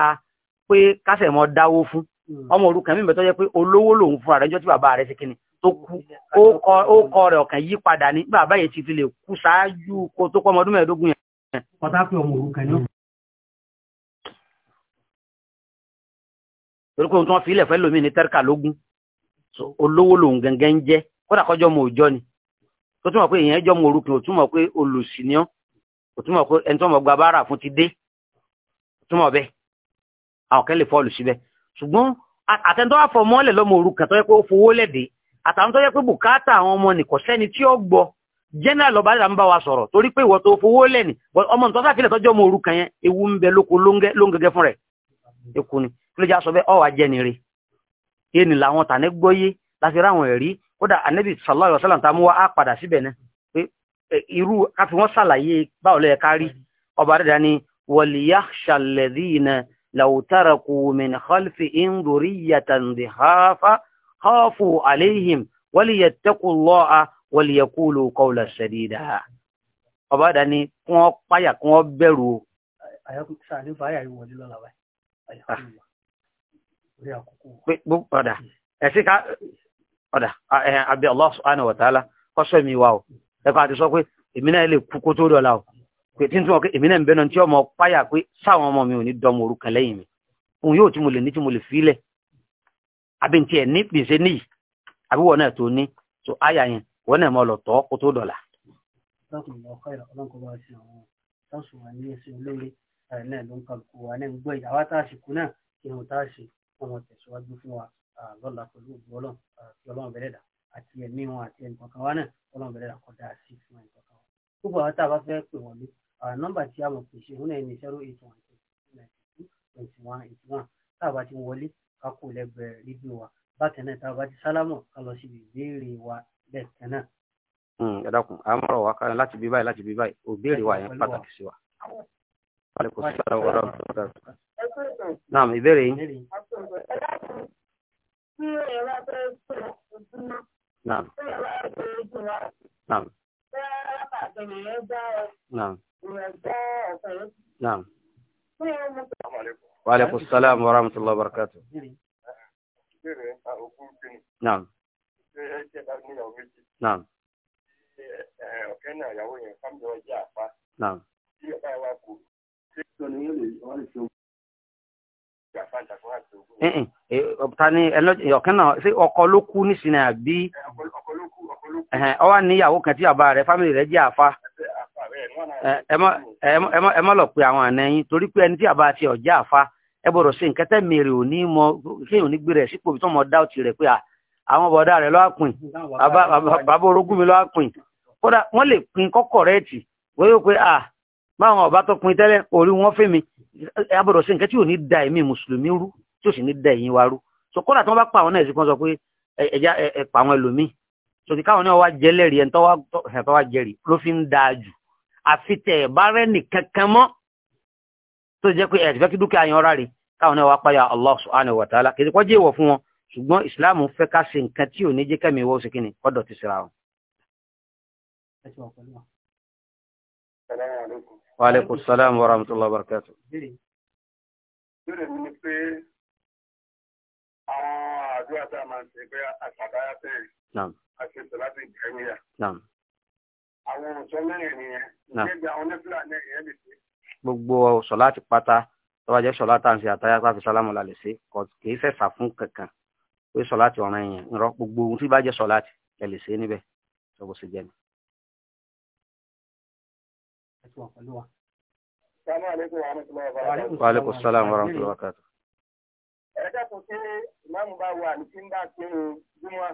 pé kásẹ̀ mọ́ dáwó fún hmm. ọmọ òrukàn mímẹ́ tó jẹ́ pé olówó lòun fúnra rẹ̀ jọ tí bàbá rẹ̀ sí kíni tó kú ó kọ rẹ̀ ọ̀kàn yí padà ní bàbá yẹn ti fi lè kú ṣáájú kó tó pọ́ ọmọdún mẹ́ẹ̀ẹ́dógún yẹn. ọ̀tá pé ọmọ òrukàn ni ó torí pé ohun tí wọ́n fi ilẹ̀ fẹ́ lómi ní tẹ́ríkà lógún olówó lòun gẹ́gẹ́ ń jẹ́ kódà kọjọ́ mọ òòjọ́ ni tó túmọ̀ pé èèyàn jọ́ mọ orúkìn ò pé olùsìníọ́ ò pé ẹni tó mọ̀ gba fún ti dé túmọ̀ bẹ́ẹ̀ àwọn kan lè fọ́ọ̀lù síbẹ̀ ṣùgbọ́n àtẹ̀ntọ́ àfọmọ́lẹ̀ lọ́mọ òrukàn tó yẹ pé ó fowó lẹ́dẹ̀ àtàwọn tó yẹ pé bùkátà àwọn ọmọ nìkan sẹ́ni tí ó gbọ́ general lọ́ba là ń bá wa sọ̀rọ̀ torí pé ìwọ tó fowó lẹ́ni ọmọ nìkan sáfilẹ̀ tọ́jú ọmọ òrukàn yẹn ewu ń bẹ lóko lóńgẹ́gẹ́ fún rẹ̀ eku ni kí ló jẹ́ aṣọ bẹ́ẹ̀ ọ̀ wá jẹ́ni re yéèni làwọn tàní gbọ́yé láti ráwọn ẹ̀rí kódà anabi sallallahu alaihi wasallam tá a wa á padà síbẹ̀ náà pé e, irú káfí wọ́n ṣàlàyé báwo ló yẹ ọba rẹ̀ dání wọ̀lìyá ṣàlẹ̀dí لو تركوا من خلفهم ذرية ضحافا خافوا عليهم وليتقوا الله وليقولوا قولا سديدا ọba dání kí wọ́n páyà kí wọ́n bẹ̀rù o. ọ̀dà ẹ̀sìn ká ọ̀dà àbí Allah subhanahu wa ta'ala kọ́sọ̀ mi wà o ẹ̀kọ́ àti sọ pé èmi náà lè kú kó tó dọ̀la o pé tí n túmọ̀ pé èmi náà ń bẹ́ẹ̀ náà tí ọmọ páyà pé sáwọn ọmọ mi ò ní dọmọ òrukàn lẹ́yìn mi òun yóò tí mo lè ní tí mo lè fílẹ̀ àbí ntí ẹ̀ ní gbèsè níyì àbí wọn náà tó ní so àyà yẹn wọn náà mọ lọ tọ́ kó tó dọ̀là. lọ́la pẹ̀lú òbí ọlọ́run àti ọlọ́run bẹ̀rẹ̀ dà àti ẹ̀mí wọn àti ẹnìkan kan wá náà ọlọ́run bẹ̀rẹ̀ dà sí fún ẹnìkan kan wá. gbogbo àwọn tá a bá fẹ́ pè wọ́n lé nọ́mbà tí a mọ̀ pé ṣe òun náà ní zero eight one six ninety two twenty one eighty one tá a bá ti wọlé ká kó lẹ́gbẹ̀ẹ́ rédíò wa bákan náà tá a bá ti sálámọ̀ ká lọ síbi ìbéèrè wa lẹ́ẹ̀kan náà. Hmm, ẹ dákun a ń rọ̀ wá káyọ̀ láti bí báyìí láti bí báyìí ò béèrè wa yẹn pàtàkì sí wa. Naam, ìbéèrè yín. Naam. Naam. نعم نعم وعليكم السلام ورحمة الله وبركاته نعم نعم نعم ọ̀kan náà ọkọ ló kú nísìnyí àbí ọ wá níyàwó kan tí bàbá rẹ̀ fámìlì rẹ̀ jẹ́ àfa ẹ má lọ pe àwọn àna yín torí pé ẹni tí bàbá ti ọ̀já àfa ẹ gbọ́dọ̀ sí nǹkan tẹ́mìrì ò ní mọ kéèyàn ní gbé rẹ̀ sípò tó mọ rẹ̀ pé àwọn bọ̀dá lọ́wọ́ pin bàbá orogún mi lọ́wọ́ pin kódà wọ́n lè pin kọ́kọ́ tì wọ́n yóò pé à báwọn ọba mi ẹ da ẹ̀mí mùsùlùmí rú tí kódà tí wọ́n bá pa àwọn náà kan sọ pé sòtì káwọn náà wá jẹlẹrì ẹ tọwọ jẹrì ló fi ń da jù àfi tẹ ẹ bá mọ tó jẹ pé ẹ kí dúkìá yẹn ọrá rè káwọn náà wá páyà Allah subhanahu wa ta'ala kì kọjú èèwọ̀ fún wọn ṣùgbọ́n ìsìláàmù fẹ́ ká ṣe nǹkan tí ò ní jẹ́ kẹ́mi wọ́n ṣe kíni kọ́dọ̀ ti sira wọn. wa aleykum salaam wa rahmatullahi ni pé àwọn àdúrà tá a máa ń ṣe pé àṣàbáyá bẹ́ẹ̀ àti sọláṣí ìjẹmíyà. àwọn ọ̀sán mẹ́rin nìyẹn. nígbà àwọn onífúlà náà ìyẹn lè ṣe. gbogbo sọlá ti pátá tọ́wọ́ jẹ́ sọlá tá à ń ṣe àtàyà pàfi sálámù la lè ṣe kì í fẹ̀sà fún kankan pé sọlá ti ọ̀ràn yẹn ń rọ gbogbo ohun tí bá jẹ́ sọlá ti ẹ lè ṣe níbẹ̀ tó bó ṣe jẹ́ ni. Wa alaikum salaam wa rahmatullahi wa barakatuh. ẹ̀dá kò ṣe ìmáàmù bá wà ní tí ń bá kírun júmọ́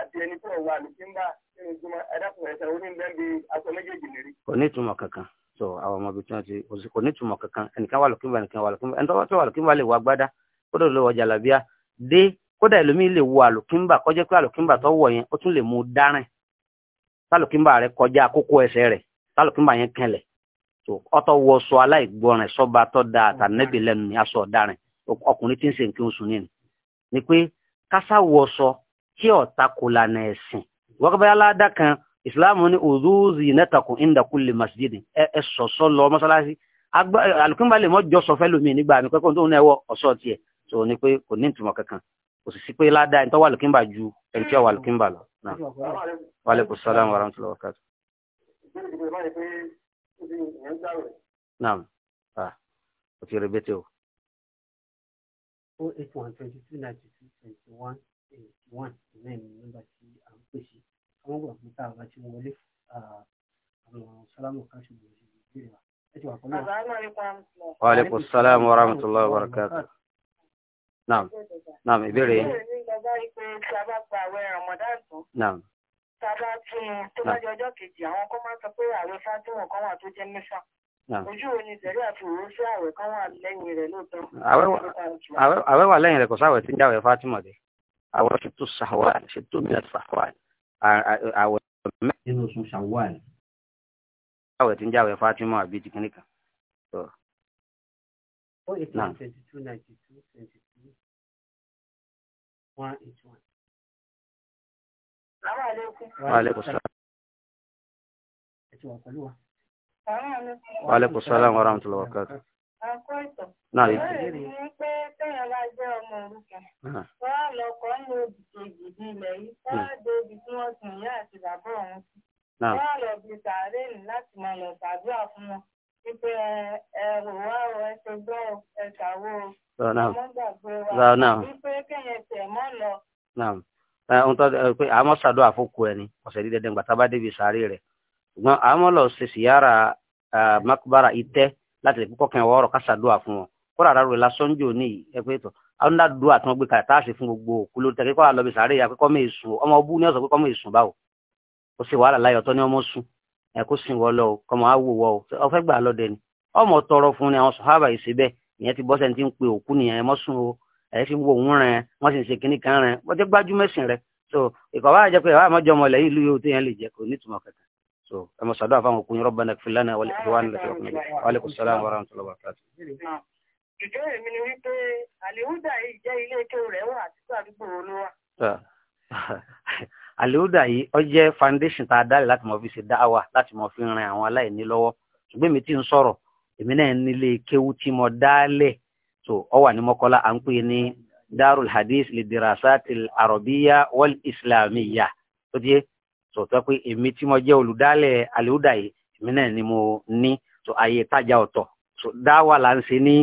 àti ẹni tó wà ní tí ń bá kírun júmọ́ ẹ̀dá kò ẹ̀sẹ̀ orí ń bẹ́ẹ̀ ni aṣọ méjèèjì kò ní ìtumọ̀ kankan so àwọn ọmọ ibi tí wọ́n ti kò ní ìtumọ̀ kankan ẹnìkan wà lókínbà ẹnìkan wà lókínbà ẹni tó wà lókínbà lè wọ agbádá kódà lè jàlábíà dé kódà lè kọjá pé tó yẹn ó tún lè mú rẹ kọjá kókó rẹ yẹn ọtọ wọ ọkùnrin tí ń ṣe nǹkan oṣù nìyẹn ni pé kásáwọsọ kí ọ̀tá kò lànà ẹ̀sìn wọ́pẹ́ aládá kan ìsìláàmù ní òzúùzì nẹ́tàkùn ìndàkùnlé masjidi ẹ sọ̀sọ́ lọ mọ́sálásí alùpùpù lè mọ́jọ sọ fẹ́ lómi nígbà mi pẹ́kọ́ tó ń ẹwọ́ ọ̀sọ́ tiẹ̀ tó ní pé kò ní ìtumọ̀ kankan kò sì sí pé ládá ẹni tó wà lùkínbà ju ẹni tí ó wà lùkínbà lọ. wàlẹ́kùn sálàmù warahmatullahi wabarakatuh. naam ah o ti rebete o oh eight one twenty two ninety two twenty one eighty one ìnáà ní nọ́mbà tí a ń pèsè àwọn ọgbà fún táwọn ìbéèrè wa ẹ wa aleykum salaam wa rahmatulahi wa tí a bá tún un tó bá di ọjọ́ kejì àwọn kan máa ń sọ pé àwẹ̀ fájúmọ̀ kan wà tó jẹ́ mẹ́fà ojú wo ni tẹ̀lé àfihàn ó sí àwẹ̀ kan wà lẹ́yìn rẹ̀ lóòótọ́. àwẹ̀ wà lẹ́yìn rẹ̀ kò sáwẹ̀ tí ń jáwẹ̀ Fatima dé àwẹ̀ ṣètò sàwàl ṣètò mílẹ̀ sàwàl àwẹ̀ mẹ́rin ní oṣù sàwàl. àwẹ̀ tí ń jáwẹ̀ Fatima àbí ti kíníkà. Oh, it's 22, 92, 22, 181. Wa alaikum salaam. Ẹ ti wà pẹ̀lú wa. Wàhálẹ́kùn sálàm wa rahmatullahi wa barakatuh. Àkọ́ìtọ̀. Náà rí. Ní pé tẹ́yàn bá jẹ́ ọkụ òrukàn, wọ́n á lọ kọ́ ní òbí kejì ní ilẹ̀ yìí, wọ́n á dé ibi tí wọ́n sùn ìyá àti bàbá Ipe ṣùgbọ́n àwọn lọ ṣe ite ite itẹ́ láti lè kọ́kọ́ kẹ́ ọ̀rọ̀ kásàdúà fún wọn kóra ara rẹ̀ lásán jò ní ẹgbẹ́ tó àwọn gbé fún gbogbo òkú lórí tẹ̀kẹ́ kọ́ra lọ́bi sàárè akẹ́kọ̀ọ́ mi sùn ọmọ ọbú ní ọ̀sán pé kọ́mọ ìsùn báwo sì wàhálà ọmọ sùn kó o o gbà ọmọ tọrọ fún ni àwọn yìí ṣe ìyẹn so ẹ mọ̀ sàdọ́ àfáwọn òkú yọrọ bẹ́ẹ̀ fi lánàá wọlé ìwà nílẹ̀ tó kún un wàlẹ́ kò sàlám wàrà ńsọ̀lọ́ wà káàtì. ìbéèrè mi ni wípé àlèhùdà yìí jẹ́ ilé ètò rẹ̀ wà títí àdúgbò olówà. àlèhùdà yìí ó jẹ́ foundation tá a dálẹ̀ láti mọ̀ fi ṣe dáwà láti mọ̀ fi ran àwọn aláìní lọ́wọ́ ṣùgbọ́n èmi tí ń sọ̀rọ̀ èmi náà nílé kéwú tí mo dálẹ̀ so ó wà ní mọ́kọ́lá à ń pè ní darul hadith lidirasati arabiya wal islamiyya tó ti sọ̀tọ́ pé èmi tí mo jẹ́ olùdálẹ̀ àlùdà yìí èmi náà ni mo ní so àyè ìtajà ọ̀tọ̀ so dáwà là ń ṣe ní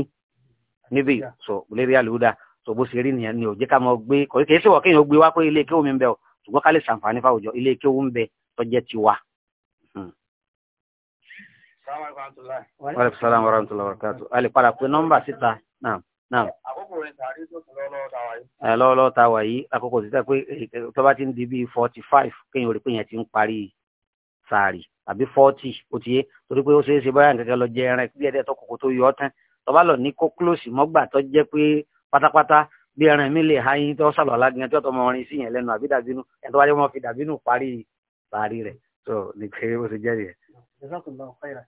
níbí so lérí àlùdà so bó ṣe rí nìyẹn ni ò jẹ́ ká mọ gbé kì í ṣe wọ̀ kéèyàn gbé wá pé ilé kéwù mi ń bẹ o ṣùgbọ́n ká lè ṣàǹfààní fáwùjọ ilé kéwù ń bẹ tó jẹ́ tiwa. Hmm. Wa alaykum salaam wa rahmatullahi wa barakatuh. A lè padà pé nọ́mbà síta náà náà. àkókò rẹ̀ tàbí tó tún lọ́wọ́ ta wà yìí. lọ́wọ́lọ́wọ́ ta wà yìí àkókò ti tẹ́ pé tó bá ti ń di bíi forty five kéèyàn rí pé yẹn ti ń parí sàárì àbí forty ó ti yé torí pé ó ṣeé ṣe báyà kẹ́kẹ́ lọ jẹ ẹran bí ẹ̀dẹ́ tó kòkó tó yọ ọ́ tán tó bá lọ ní kó close mọ́gbà tó jẹ́ pé pátápátá bí ẹran mi lè háyín tó sàlọ̀ lágbèyàn tó tọmọ orin sí yẹn lẹ́nu àbí dàbínú ẹ̀ tó wáyé wọn fi dàbínú parí sàárì rẹ̀ so nìkan bó ṣe jẹ́ rẹ̀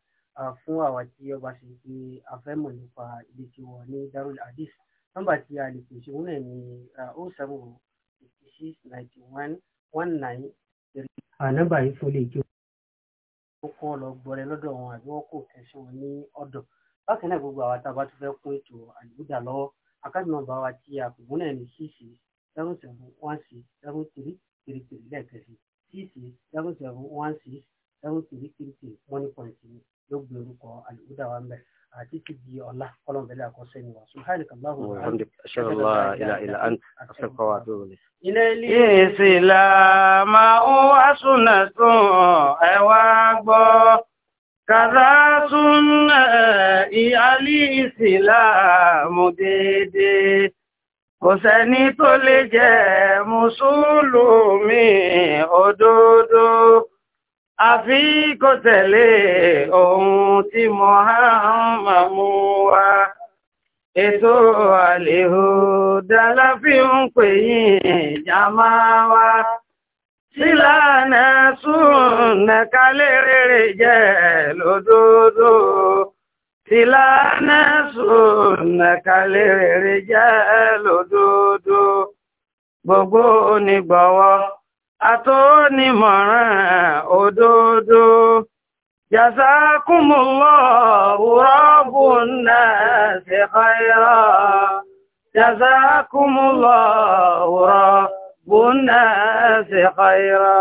fún àwa tí ọba ṣe pé a fẹ́ mọ̀ nípa ilé tí wọ́n ní Darul Hadith nọ́mbà tí a lè pèsè òun náà ní o oh seven o oh fifty six ninety one one nine three. ànábà yìí fún ilé wọ́n kọ́ lọ gbọ́rẹ lọ́dọ̀ wọn àbí wọ́n kò kẹsàn wọn ní ọ̀dọ̀ bákan náà gbogbo àwa tá a bá tún fẹ́ kún ètò àlùbúdà lọ́wọ́ àkáǹtì nọ́mbà wa tí a pè òun náà ní six six seven seven one six seven three three three lẹ́ẹ̀kẹ́sì six six seven seven one six seven three three three money point dà wá ń bẹ̀ àti ti di ọ̀la kọ́lọ́n bẹ̀lẹ̀ àkọsẹ́ ni wà subhanakallahu wa bihamdika ashhadu an la ilaha illa anta astaghfiruka wa atubu ilayk. ilé ilé ìsìlámà ó wá súnà sùn ẹ wá gbọ́ kàrá súnà ìhálí ìsìlámù déédéé kò sẹ́ni tó lè jẹ́ mùsùlùmí òdodo àfi kò tẹ̀lé ohun tí mọ̀hánmà mú wá ètò àlèhò dálá fi ń pè yín jàmá wá sílànà súnà kálẹ̀ rere jẹ́ lódodo sílànà súnà kálẹ̀ rere jẹ́ lódodo gbogbo onígbọ̀wọ́ atónímọ̀ràn òdodo. Jazakumullahu rabbun nasi khaira. Jazakumullahu rabbun nasi khaira.